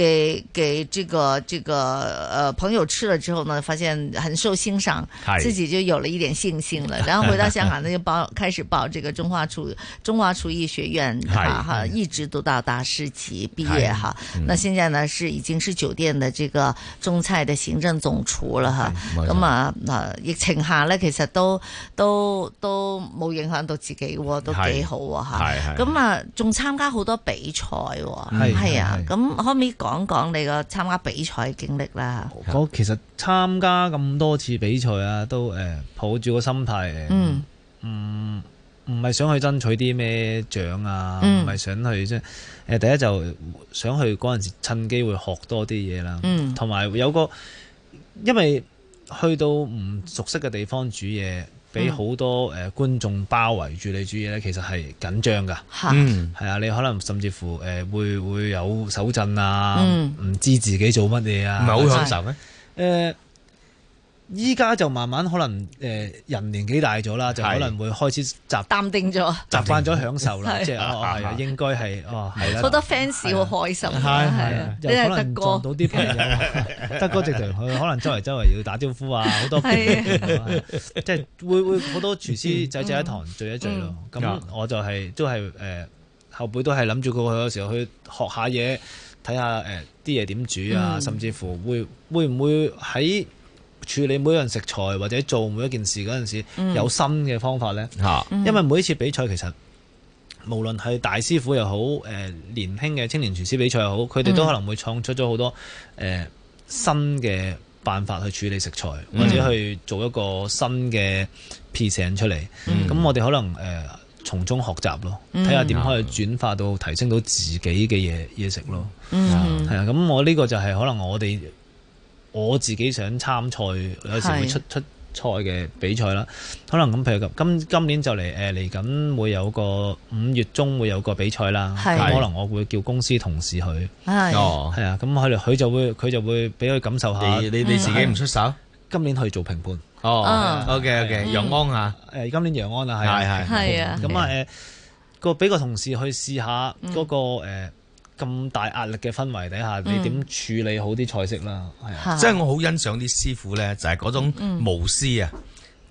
給給這個這個呃朋友吃了之後呢，發現很受欣賞，自己就有了一點信心了。然後回到香港呢，就報開始報這個中華廚中華廚藝學院哈，哈，一直讀到大師級畢業哈。那現在呢是已經是酒店的這個中菜的行政總廚了哈。咁啊，那疫情下咧，其實都都都冇影響到自己，都幾好哈係係。咁啊，仲參加好多比賽，係啊。咁可唔可以講？講講你個參加比賽經歷啦。我其實參加咁多次比賽啊，都誒抱住個心態，嗯，唔唔係想去爭取啲咩獎啊，唔係想去即、嗯、第一就想去嗰陣時趁機會學多啲嘢啦。嗯，同埋有，有個，因為去到唔熟悉嘅地方煮嘢。俾好多誒觀眾包圍住你，煮嘢咧，其實係緊張噶，嗯的，係啊，你可能甚至乎誒、呃、會,會有手震啊，唔、嗯、知自己做乜嘢啊，唔係好享受咩？的依家就慢慢可能誒人年紀大咗啦，就可能會開始習淡定咗，習慣咗享受啦。即係哦，係啊，應該係哦，係啦。好多 fans 好開心，係係。可能撞到啲朋友，德哥直情去，可能周圍周圍要打招呼啊，好多 friend 即係會會好多廚師仔仔一堂聚一聚咯。咁我就係都係誒後輩都係諗住佢有時候去學下嘢，睇下誒啲嘢點煮啊，甚至乎會會唔會喺？處理每樣食材或者做每一件事嗰陣時，有新嘅方法呢？嗯啊、因為每一次比賽其實無論係大師傅又好、呃，年輕嘅青年廚師比賽又好，佢哋都可能會創出咗好多、呃、新嘅辦法去處理食材，嗯、或者去做一個新嘅 piece 出嚟。咁、嗯、我哋可能誒、呃、從中學習咯，睇下點可以轉化到提升到自己嘅嘢嘢食咯。嗯，係啊，咁我呢個就係可能我哋。我自己想參賽，有時會出出賽嘅比賽啦。可能咁，譬如咁，今今年就嚟誒嚟緊會有個五月中會有個比賽啦。可能我會叫公司同事去，哦，係啊，咁佢哋，佢就會佢就會俾佢感受下。你你你自己唔出手，今年去做評判。哦，OK OK，楊安啊，誒，今年楊安啊，係係係啊，咁啊誒，個俾個同事去試下嗰個咁大壓力嘅氛圍底下，你點處理好啲菜式啦？即係我好欣賞啲師傅呢，就係嗰種無私啊！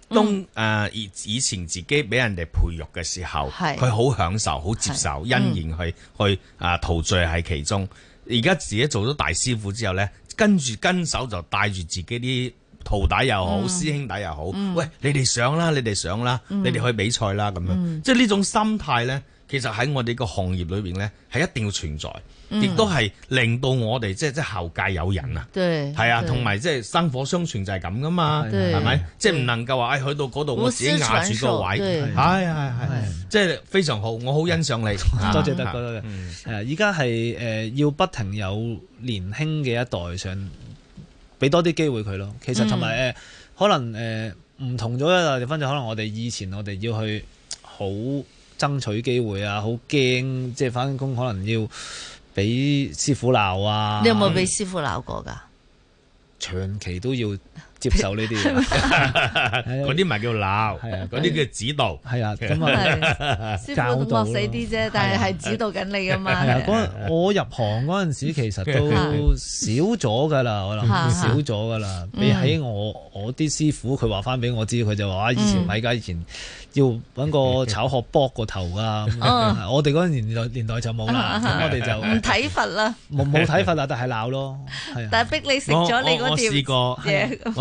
當誒以前自己俾人哋培育嘅時候，佢好享受、好接受，欣然去去啊陶醉喺其中。而家自己做咗大師傅之後呢，跟住跟手就帶住自己啲徒弟又好、師兄弟又好，喂，你哋上啦，你哋上啦，你哋去比賽啦，咁樣，即係呢種心態呢。其實喺我哋個行業裏邊咧，係一定要存在，亦都係令到我哋即係即係後繼有人啊，係啊，同埋即係薪火相傳就係咁噶嘛，係咪？即係唔能夠話誒去到嗰度我自己壓住個位，係係係，即係非常好，我好欣賞你，多謝多謝，而家係誒要不停有年輕嘅一代想，俾多啲機會佢咯。其實同埋誒，可能誒唔同咗一笪地方就可能我哋以前我哋要去好。爭取機會啊！好驚，即係返工可能要俾師傅鬧啊！你有冇俾師傅鬧過㗎？長期都要。接受呢啲，嗰啲唔係叫鬧，係啊，嗰啲叫指導，係啊，咁啊，師傅咁惡死啲啫，但係係指導緊你啊嘛。係啊，嗰我入行嗰陣時，其實都少咗㗎啦，我諗少咗㗎啦。你喺我我啲師傅，佢話翻俾我知，佢就話以前咪㗎以前要揾個炒殼扑個頭㗎，我哋嗰年代年代就冇啦，我哋就唔體罰啦，冇冇體罰啦，但係鬧咯，但係逼你食咗你嗰條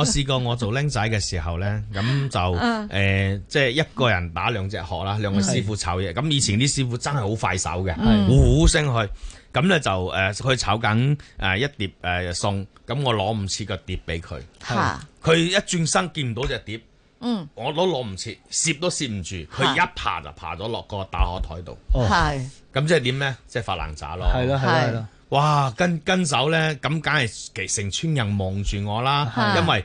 試過我做僆仔嘅時候呢，咁就誒、啊呃，即係一個人打兩隻殼啦，兩個師傅炒嘢。咁是以前啲師傅真係好快手嘅，是呼，呼呼聲去。咁呢就誒，佢、呃、炒緊誒一碟誒餸，咁、呃、我攞唔切個碟俾佢。佢是一轉身見唔到隻碟，嗯、我都攞唔切，攝都攝唔住。佢一爬就爬咗落個打荷台度。咁即係點呢？即係發爛渣咯。哇，跟跟手呢，咁梗係成村人望住我啦，的因為。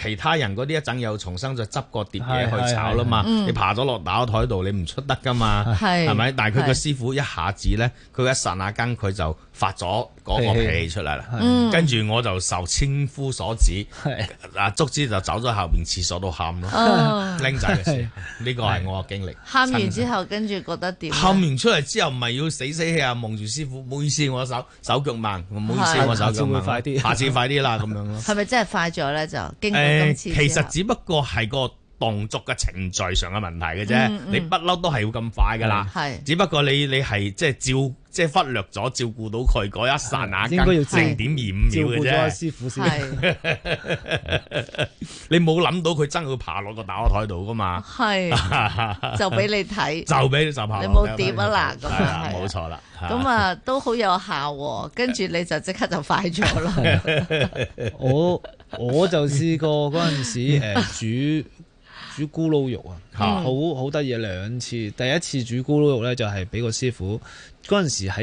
其他人嗰啲一陣又重新再執個碟嘢去炒啦嘛，你爬咗落打攞台度，你唔出得㗎嘛，係咪？但係佢個師傅一下子咧，佢一剎那間佢就發咗嗰個脾氣出嚟啦，跟住我就受千夫所指，嗱足之就走咗後邊廁所度喊咯。僆仔嘅時候，呢個係我嘅經歷。喊完之後，跟住覺得點？喊完出嚟之後，唔係要死死氣啊！望住師傅，唔好意思，我手手腳慢，唔好意思，我手腳慢。下次會快啲，下次快啲啦，咁樣咯。係咪真係快咗咧？就誒，其實只不過係個動作嘅程序上嘅問題嘅啫，你不嬲都係要咁快噶啦，只不過你你係即係照即係忽略咗照顧到佢嗰一剎那，應該要零點二五秒嘅啫，師傅先，你冇諗到佢真係會爬落個打火台度噶嘛，係就俾你睇，就俾你執拍。你冇碟啊啦，咁啊，冇錯啦，咁啊都好有效，跟住你就即刻就快咗咯。我我就試過嗰陣時誒煮。煮咕嚕肉啊，好好得意兩次。第一次煮咕嚕肉呢，就係俾個師傅嗰陣時喺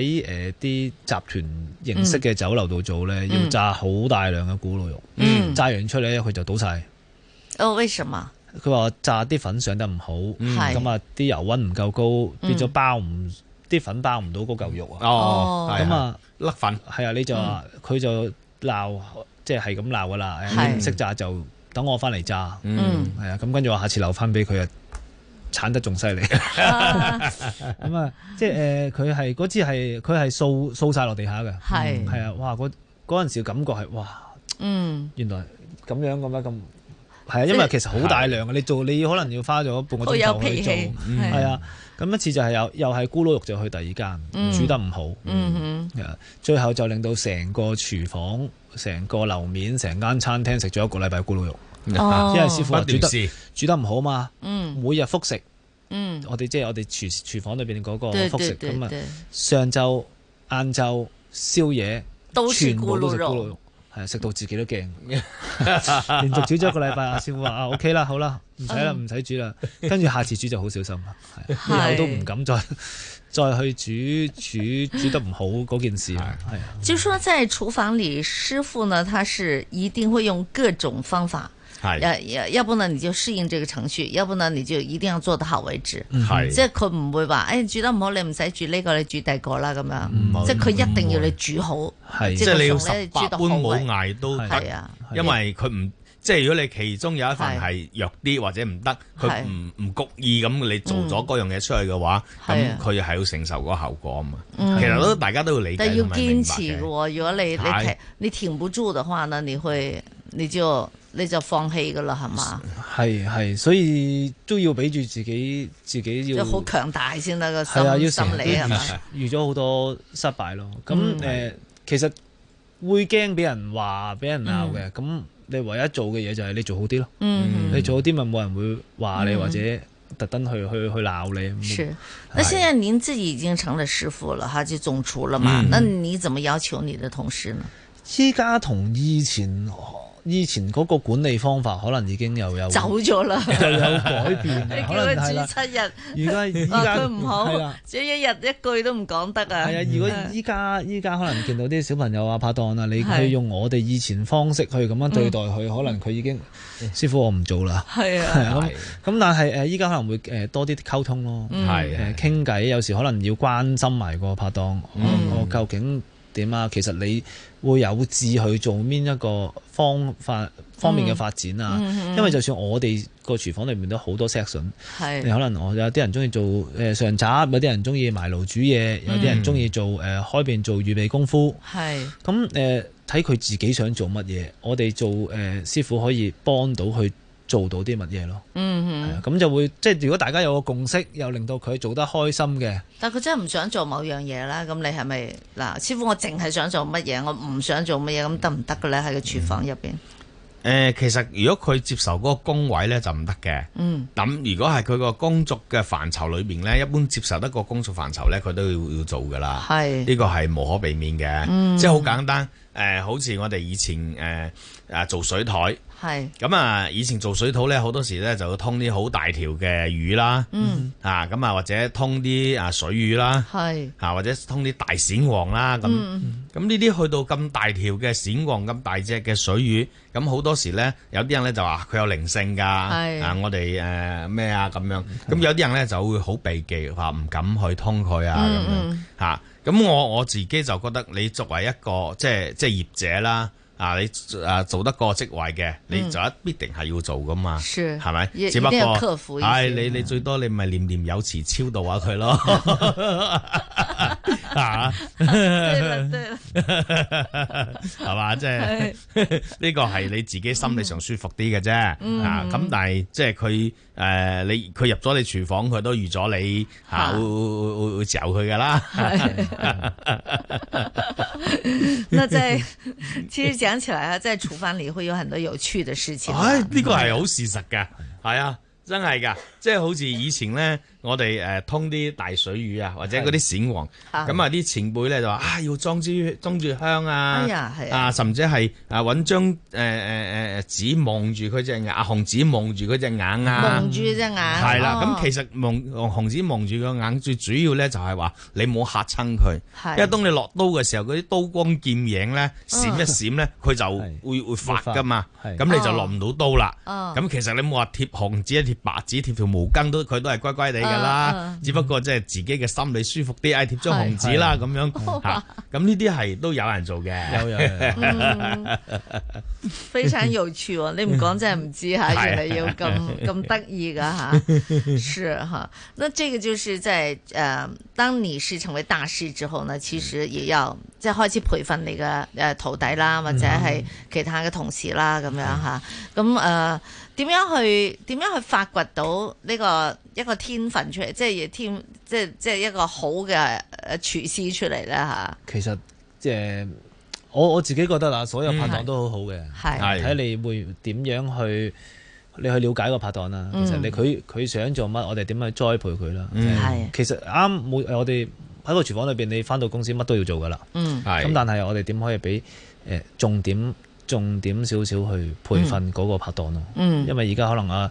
誒啲集團形式嘅酒樓度做呢，要炸好大量嘅咕嚕肉。炸完出嚟呢，佢就倒晒。哦，為什麼？佢話炸啲粉上得唔好，咁啊啲油溫唔夠高，變咗包唔啲粉包唔到嗰嚿肉啊。哦，咁啊甩粉。係啊，你就話佢就鬧，即係咁鬧㗎喇。唔識炸就。等我翻嚟炸，嗯，係啊，咁跟住我下次留翻俾佢啊，鏟得仲犀利。咁啊，即係誒，佢係嗰支係，佢係掃掃晒落地下嘅，係，係啊，哇，嗰嗰陣時感覺係哇，嗯，原來咁樣咁樣咁，係啊，因為其實好大量嘅，你做你可能要花咗半個鐘頭去做，係啊，咁一次就係又又係咕嚕肉就去第二間煮得唔好，嗯嗯，啊，最後就令到成個廚房。成個樓面成間餐廳食咗一個禮拜咕嚕肉，因為師傅話煮得煮得唔好嘛。嗯，每日複食。嗯，我哋即係我哋廚廚房裏邊嗰個複食咁啊。上晝、晏晝、宵夜，全部都食咕嚕肉，係食到自己都驚。連續煮咗一個禮拜，阿師傅話：啊，OK 啦，好啦，唔使啦，唔使煮啦。跟住下次煮就好小心啦，係以後都唔敢再。再去煮煮煮得唔好嗰件事啊！係，就說在廚房裏，師傅呢，他是一定會用各種方法，係，要要，要不呢你就適應這個程序，要不呢你就一定要做得好為止，係，即係佢唔會話，誒，煮得唔好你唔使煮呢個，你煮第二個啦咁樣，即係佢一定要你煮好，即係你要十八般武藝都係啊，因為佢唔。即係如果你其中有一份係弱啲或者唔得，佢唔唔焗意咁你做咗嗰樣嘢出去嘅話，咁佢係要承受個後果啊嘛。其實都大家都要理解。但要堅持嘅，如果你你停你停唔住嘅話，呢你會你就你就放棄噶啦，係嘛？係係，所以都要俾住自己自己要好強大先得個心心理係嘛？遇咗好多失敗咯，咁誒，其實會驚俾人話、俾人鬧嘅咁。你唯一做嘅嘢就係你做好啲咯，嗯，你做好啲咪冇人會話你、嗯、或者特登去去去鬧你。咁樣。係，係，那現在您自己已經成了師傅了哈，就總廚了嘛，嗯、那你怎麼要求你的同事呢？依家同以前。以前嗰個管理方法可能已經又有走咗啦，又有改變。你叫佢住七日，而家而家唔好，只一日一句都唔講得啊！係啊，如果依家依家可能見到啲小朋友啊、拍檔啊，你去用我哋以前方式去咁樣對待佢，可能佢已經師傅我唔做啦。係啊，咁咁但係誒，依家可能會誒多啲溝通咯，係誒傾偈，有時可能要關心埋個拍檔，我究竟。點啊？其實你會有志去做邊一個方法方面嘅發展啊？嗯嗯嗯、因為就算我哋個廚房裏面都好多 section，你是可能我有啲人中意做誒上雜，有啲人中意埋爐煮嘢，有啲人中意、嗯、做誒、呃、開邊做預備功夫。係咁誒睇佢自己想做乜嘢，我哋做誒、呃、師傅可以幫到佢。做到啲乜嘢咯？嗯咁哼、啊、就會即係如果大家有個共識，又令到佢做得開心嘅。但佢真係唔想做某樣嘢啦，咁你係咪嗱？師傅我，我淨係想做乜嘢，我唔想做乜嘢咁得唔得嘅咧？喺個廚房入邊。誒、嗯呃，其實如果佢接受嗰個工位呢，就唔得嘅。嗯。咁如果係佢個工作嘅範疇裏面呢，一般接受得個工作範疇呢，佢都要要做㗎啦。係是。呢個係無可避免嘅。嗯、即係好簡單。誒、呃，好似我哋以前誒誒、呃、做水枱。係咁啊！以前做水土咧，好多時咧就會通啲好大條嘅魚啦，啊咁啊或者通啲啊水魚啦，啊或者通啲大閃黃啦咁。咁呢啲去到咁大條嘅閃黃咁大隻嘅水魚，咁好多時咧有啲人咧就話佢有靈性噶，啊我哋誒咩啊咁樣。咁有啲人咧就會好避忌，話唔敢去通佢啊咁樣吓。咁我我自己就覺得，你作為一個即係即係業者啦。啊！你啊做得過職位嘅，你就一定係要做㗎嘛，係咪？只不過，唉、哎，你你最多你咪念念有詞超度下佢咯，係嘛？係嘛？即係呢個係你自己心理上舒服啲嘅啫，嗯、啊！咁但係即係佢。即係誒，呃、你佢入咗你廚房，佢都預咗你嚇會會嚼佢㗎啦。那在，其實講起來啊，喺廚房裏會有很多有趣嘅事情。唉、嗯，呢個係好事實嘅，係啊，真係㗎，即、就、係、是、好似以前咧。我哋誒通啲大水魚啊，或者嗰啲閃黃，咁啊啲前輩咧就話：啊要裝支裝住香啊，啊、哎、甚至係啊揾張誒誒誒紙蒙住佢隻眼，紅紙蒙住佢隻眼啊。蒙住隻眼。係啦，咁的、哦、其實蒙紅紙蒙住個眼，最主要咧就係話你冇嚇親佢，的因為當你落刀嘅時候，嗰啲刀光劍影咧閃一閃咧，佢、哦、就會會發噶嘛，咁的你就落唔到刀啦。咁、哦、其實你冇話貼紅紙、貼白紙、貼條毛巾都，佢都係乖乖哋。哦啦，啊、只不過即係自己嘅心理舒服啲，哎貼張紅紙啦咁樣，咁呢啲係都有人做嘅，非常有趣。你唔講真係唔知吓， 原來要咁咁得意噶吓，是哈、啊。那這個就是在、就、誒、是呃，當你是成為大師之後呢，其實也有即係開始培訓你嘅誒、呃、徒弟啦，或者係其他嘅同事啦咁樣吓。咁、啊、誒，點、呃、樣去點樣去發掘到呢、這個？一個天分出嚟，即係天，即係即係一個好嘅廚師出嚟咧吓。啊、其實，誒、呃，我我自己覺得啦，所有拍檔都好好嘅，係睇、嗯、你會點樣去，你去了解個拍檔啦。嗯、其實你佢佢想做乜，我哋點去栽培佢啦。嗯，其實啱每我哋喺個廚房裏邊，你翻到公司乜都要做噶啦。嗯，咁但係我哋點可以俾、誒重點重點少少去培訓嗰個拍檔咯？嗯，因為而家可能啊。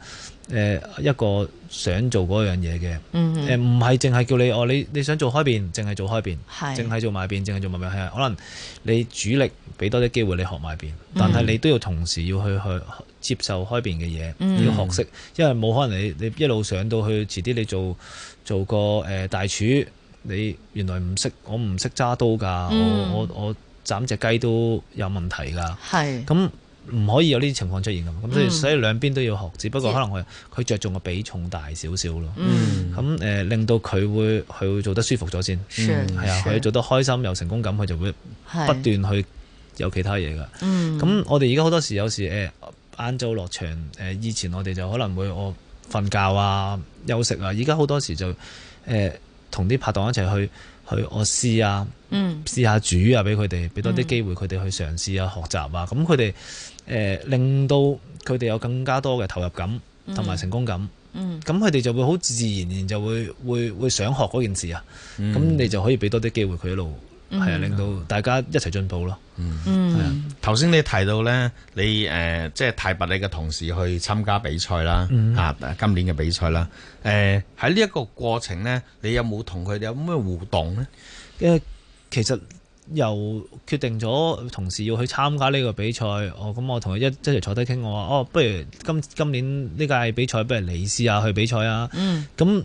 誒、呃、一個想做嗰樣嘢嘅，誒唔係淨係叫你哦，你你想做開邊，淨係做開邊，淨係是做埋邊，淨係做埋邊係啊。可能你主力俾多啲機會你學埋邊，嗯、哼但係你都要同時要去去接受開邊嘅嘢，嗯、哼你要學識，因為冇可能你你一路上到去遲啲你做做個、呃、大廚，你原來唔識我唔識揸刀㗎，我、嗯、我我斬隻雞都有問題㗎，咁是。唔可以有呢啲情況出現噶，咁所以所以兩邊都要學，嗯、只不過可能佢佢着重嘅比重大少少咯。咁、嗯呃、令到佢會佢做得舒服咗先，係啊、嗯，佢做得開心又成功感，佢就會不斷去有其他嘢噶。咁是我哋而家好多時有時誒晏晝落場、呃、以前我哋就可能會我瞓覺啊休息啊，而家好多時就誒同啲拍檔一齊去。去我試啊，試下煮啊，俾佢哋俾多啲機會佢哋去嘗試啊、學習啊，咁佢哋誒令到佢哋有更加多嘅投入感同埋成功感，咁佢哋就會好自然然就會會會想學嗰件事啊，咁、嗯、你就可以俾多啲機會佢一路。係啊，令到大家一齊進步咯、嗯啊嗯。嗯，係啊。頭先你提到咧，你誒，即係提拔你嘅同事去參加比賽啦。嗯、啊，今年嘅比賽啦。誒、呃，喺呢一個過程咧，你有冇同佢哋有咩互動咧？因為其實又決定咗同事要去參加呢個比賽。哦，咁我同佢一一齊坐低傾。我話哦，不如今今年呢屆比賽，不如你試下去比賽啊。嗯，咁佢、嗯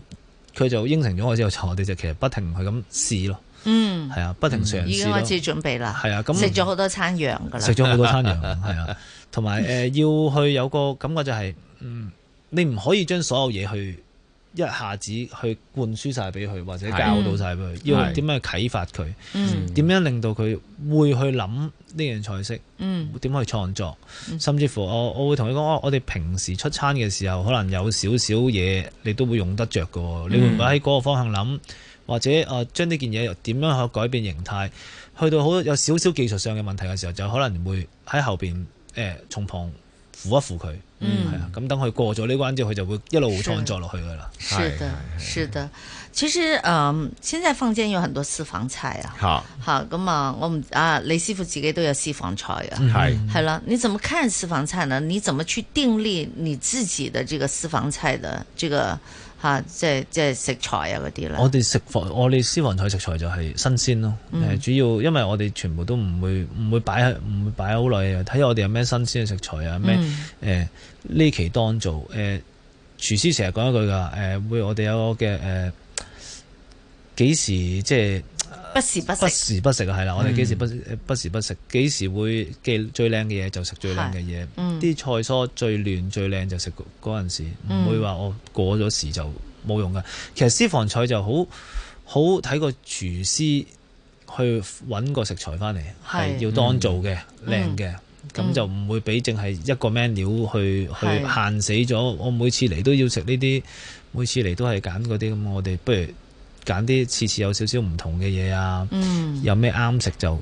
嗯、就應承咗我之後，坐地就其實不停不去咁試咯。嗯，係啊，不停嘗試。已經開始準備啦。係啊，咁食咗好多餐羊噶啦。食咗好多餐羊，係啊， 同埋誒要去有個感覺就係、是，嗯，你唔可以將所有嘢去一下子去灌輸晒俾佢，或者教導晒俾佢，的要點樣去啟發佢，點、嗯、樣令到佢會去諗呢樣菜式，點去創作，嗯嗯、甚至乎我、哦、我會同佢講，我哋平時出餐嘅時候，可能有少少嘢你都會用得着嘅喎，你會唔會喺嗰個方向諗？嗯或者誒、呃、將呢件嘢又點樣去改變形態，去到好有少少技術上嘅問題嘅時候，就可能會喺後邊誒從旁扶一扶佢，嗯，係啊，咁等佢過咗呢關之後，佢就會一路創作落去噶啦。是的，是的。其實誒、呃，現在坊間有很多私房菜啊，嚇嚇咁啊，我唔啊，李師傅自己都有私房菜啊，係係啦。的嗯、你怎麼看私房菜呢？你怎麼去定立你自己的這個私房菜的這個啊！即係即係食材啊，嗰啲啦。我哋食房，我哋私房菜食材就係新鮮咯。誒、嗯，主要因為我哋全部都唔會唔會擺喺唔會擺好耐嘅，睇下我哋有咩新鮮嘅食材啊咩？誒，呢、呃、期當做誒、呃，廚師成日講一句噶誒、呃，會我哋有個嘅誒，幾、呃、時即係？不時不食，不時不食係啦，我哋幾時不不時不食？幾時會嘅最靚嘅嘢就食最靚嘅嘢。啲、嗯、菜蔬最嫩、最靚就食嗰嗰陣時，唔會話我過咗時就冇用噶。嗯、其實私房菜就好好睇個廚師去揾個食材翻嚟，係是要當造嘅靚嘅，咁就唔會俾淨係一個 menu 去、嗯、去限死咗。是我每次嚟都要食呢啲，每次嚟都係揀嗰啲咁。我哋不如。揀啲次次有少少唔同嘅嘢啊，有咩啱食就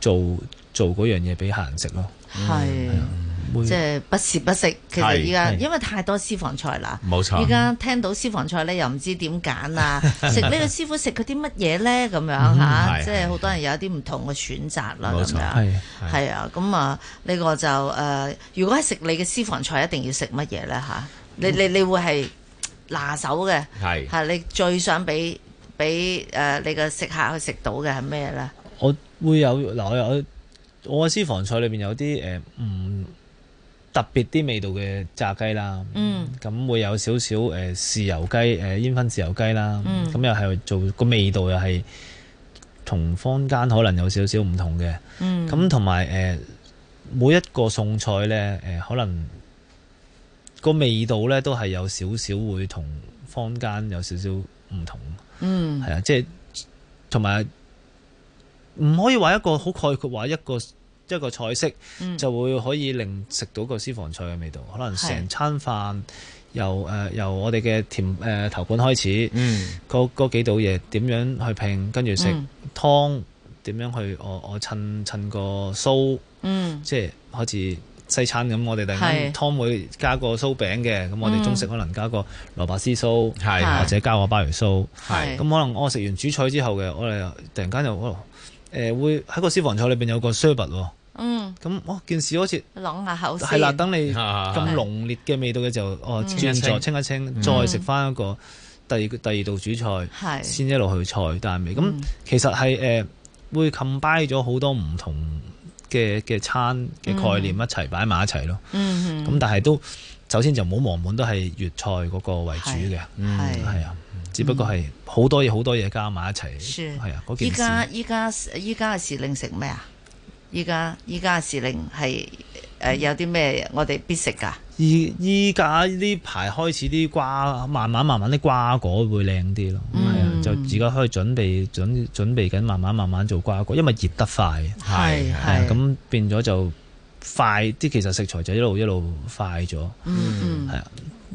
做做嗰樣嘢俾客人食咯。係，即係不時不食。其實依家因為太多私房菜啦，冇錯。依家聽到私房菜咧，又唔知點揀啊？食呢個師傅食嗰啲乜嘢咧？咁樣吓，即係好多人有一啲唔同嘅選擇啦。咁樣，係啊，咁啊，呢個就誒，如果係食你嘅私房菜，一定要食乜嘢咧嚇？你你你會係拿手嘅係嚇，你最想俾。俾誒、呃、你個食客去食到嘅係咩呢？我會有嗱，我有我嘅私房菜裏邊有啲誒唔特別啲味道嘅炸雞啦，嗯，咁、嗯、會有少少誒、呃、豉油雞誒、呃、煙燻豉油雞啦，咁、嗯、又係做個味道又係同坊間可能有少少唔同嘅，嗯，咁同埋誒每一個餸菜呢，誒、呃，可能個味道呢都係有少少會同坊間有少少唔同。嗯，係啊，即係同埋唔可以話一個好概括話一個一個菜式，嗯、就會可以令食到個私房菜嘅味道。嗯、可能成餐飯由誒、呃、由我哋嘅甜誒、呃、頭盤開始，嗯，個幾道嘢點樣去拼，跟住食湯點樣去，我我襯襯個酥，嗯，即係開始。西餐咁，我哋突然間湯會加個酥餅嘅，咁我哋中式可能加個蘿蔔絲酥，係或者加個鮑魚酥，係咁可能我食完主菜之後嘅，我哋突然間又誒會喺個私房菜裏邊有個 serve 喎，嗯，咁哇件事好似攞下口，係啦，等你咁濃烈嘅味道嘅時候，哦，轉咗清一清，再食返一個第二第二道主菜，係先一路去菜但單味，咁其實係誒會 combine 咗好多唔同。嘅嘅餐嘅概念一齊擺埋一齊、嗯、咯，咁、嗯、但係都首先就唔好望滿都係粵菜嗰個為主嘅，是嗯，係啊，只不過係好多嘢好多嘢加埋一齊，係是啊，嗰件事依家依家依家嘅時令食咩啊？依家依家時令係誒、呃、有啲咩我哋必食㗎？依依家呢排開始啲瓜慢慢慢慢啲瓜果會靚啲咯，係啊、嗯，就而家開始準備準準備緊，慢慢慢慢做瓜果，因為熱得快，係係咁變咗就快啲。其實食材就一路一路快咗，嗯，係啊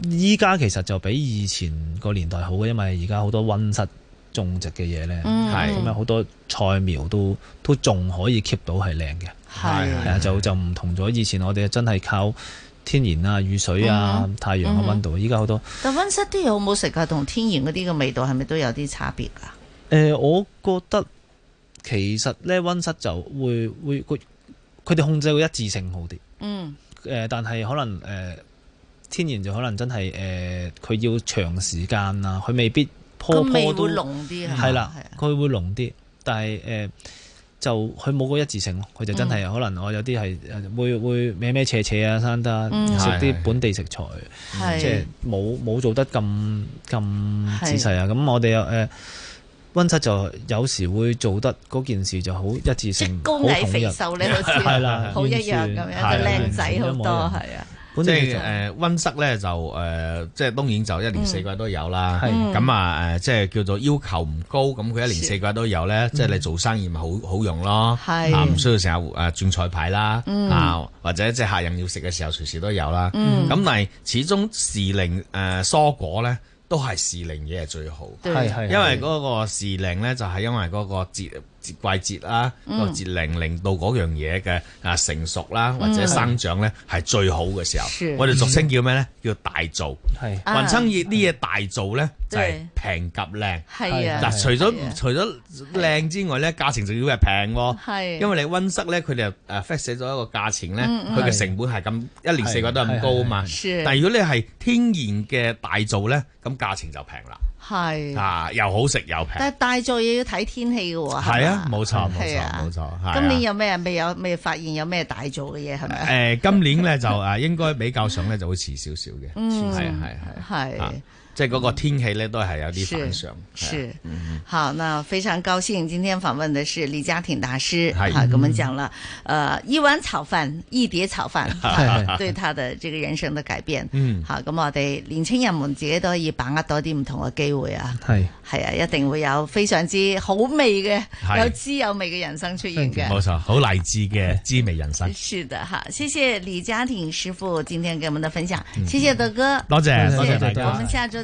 是！依家、嗯、其實就比以前個年代好嘅，因為而家好多溫室。種植嘅嘢呢，係咁有好多菜苗都都仲可以 keep 到係靚嘅，係就就唔同咗以前我哋真係靠天然啊，雨水啊、嗯、太陽嘅溫度，依家好多。但溫室啲嘢好唔好食啊？同天然嗰啲嘅味道係咪都有啲差別噶？誒、呃，我覺得其實呢，溫室就會會佢哋控制會一致性好啲。嗯。誒、呃，但係可能誒、呃、天然就可能真係誒佢要長時間啊，佢未必。個味會濃啲係啦，佢會濃啲，但係誒就佢冇個一致性，佢就真係可能我有啲係誒會會咩咩斜斜啊生得食啲本地食材，即係冇冇做得咁咁仔細啊！咁我哋又誒温七就有時會做得嗰件事就好一致性好同一，係啦，好一樣咁樣個靚仔好多係啊。即係誒溫室咧就誒、呃，即係當然就一年四季都有啦。咁啊、嗯呃、即係叫做要求唔高，咁佢一年四季都有咧。即係、嗯、你做生意咪好好用咯，唔是、啊、需要成日誒轉菜牌啦，嗯、啊或者即係客人要食嘅時候隨時都有啦。咁、嗯、但係始終時令誒蔬果咧都係時令嘢係最好，係對因為嗰個時令咧就係、是、因為嗰個節季節啦，個節令令到嗰樣嘢嘅啊成熟啦，或者生長咧係最好嘅時候。我哋俗稱叫咩咧？叫大造。係，雲生葉啲嘢大造咧就係平及靚。係啊，嗱，除咗除咗靚之外咧，價錢仲要係平喎。係，因為你温室咧，佢哋誒 fix 咗一個價錢咧，佢嘅成本係咁一年四季都係咁高啊嘛。但係如果你係天然嘅大造咧，咁價錢就平啦。係是啊，又好食又平。但係大造也要睇天氣嘅喎。係吧啊，冇錯冇錯冇錯。今年有咩未有，未發現有咩大造嘅嘢係咪？誒、呃，今年咧 就誒應該比較上咧就會遲少少嘅，係係係。即係嗰個天氣咧，都係有啲反常。是，好，那非常高興，今天訪問的是李家鼎大師，係，咁樣講啦，誒，一碗炒飯，一碟炒飯，係，對他的這個人生的改變。嗯，好，咁我哋年輕人們自己都可以把握多啲唔同嘅機會啊，係，係啊，一定會有非常之好味嘅，有滋有味嘅人生出現嘅，冇錯，好勵志嘅滋味人生。是的，好，謝謝李家鼎師傅今天給我們的分享，謝謝。鼎哥，多謝。多謝大家，我們下週。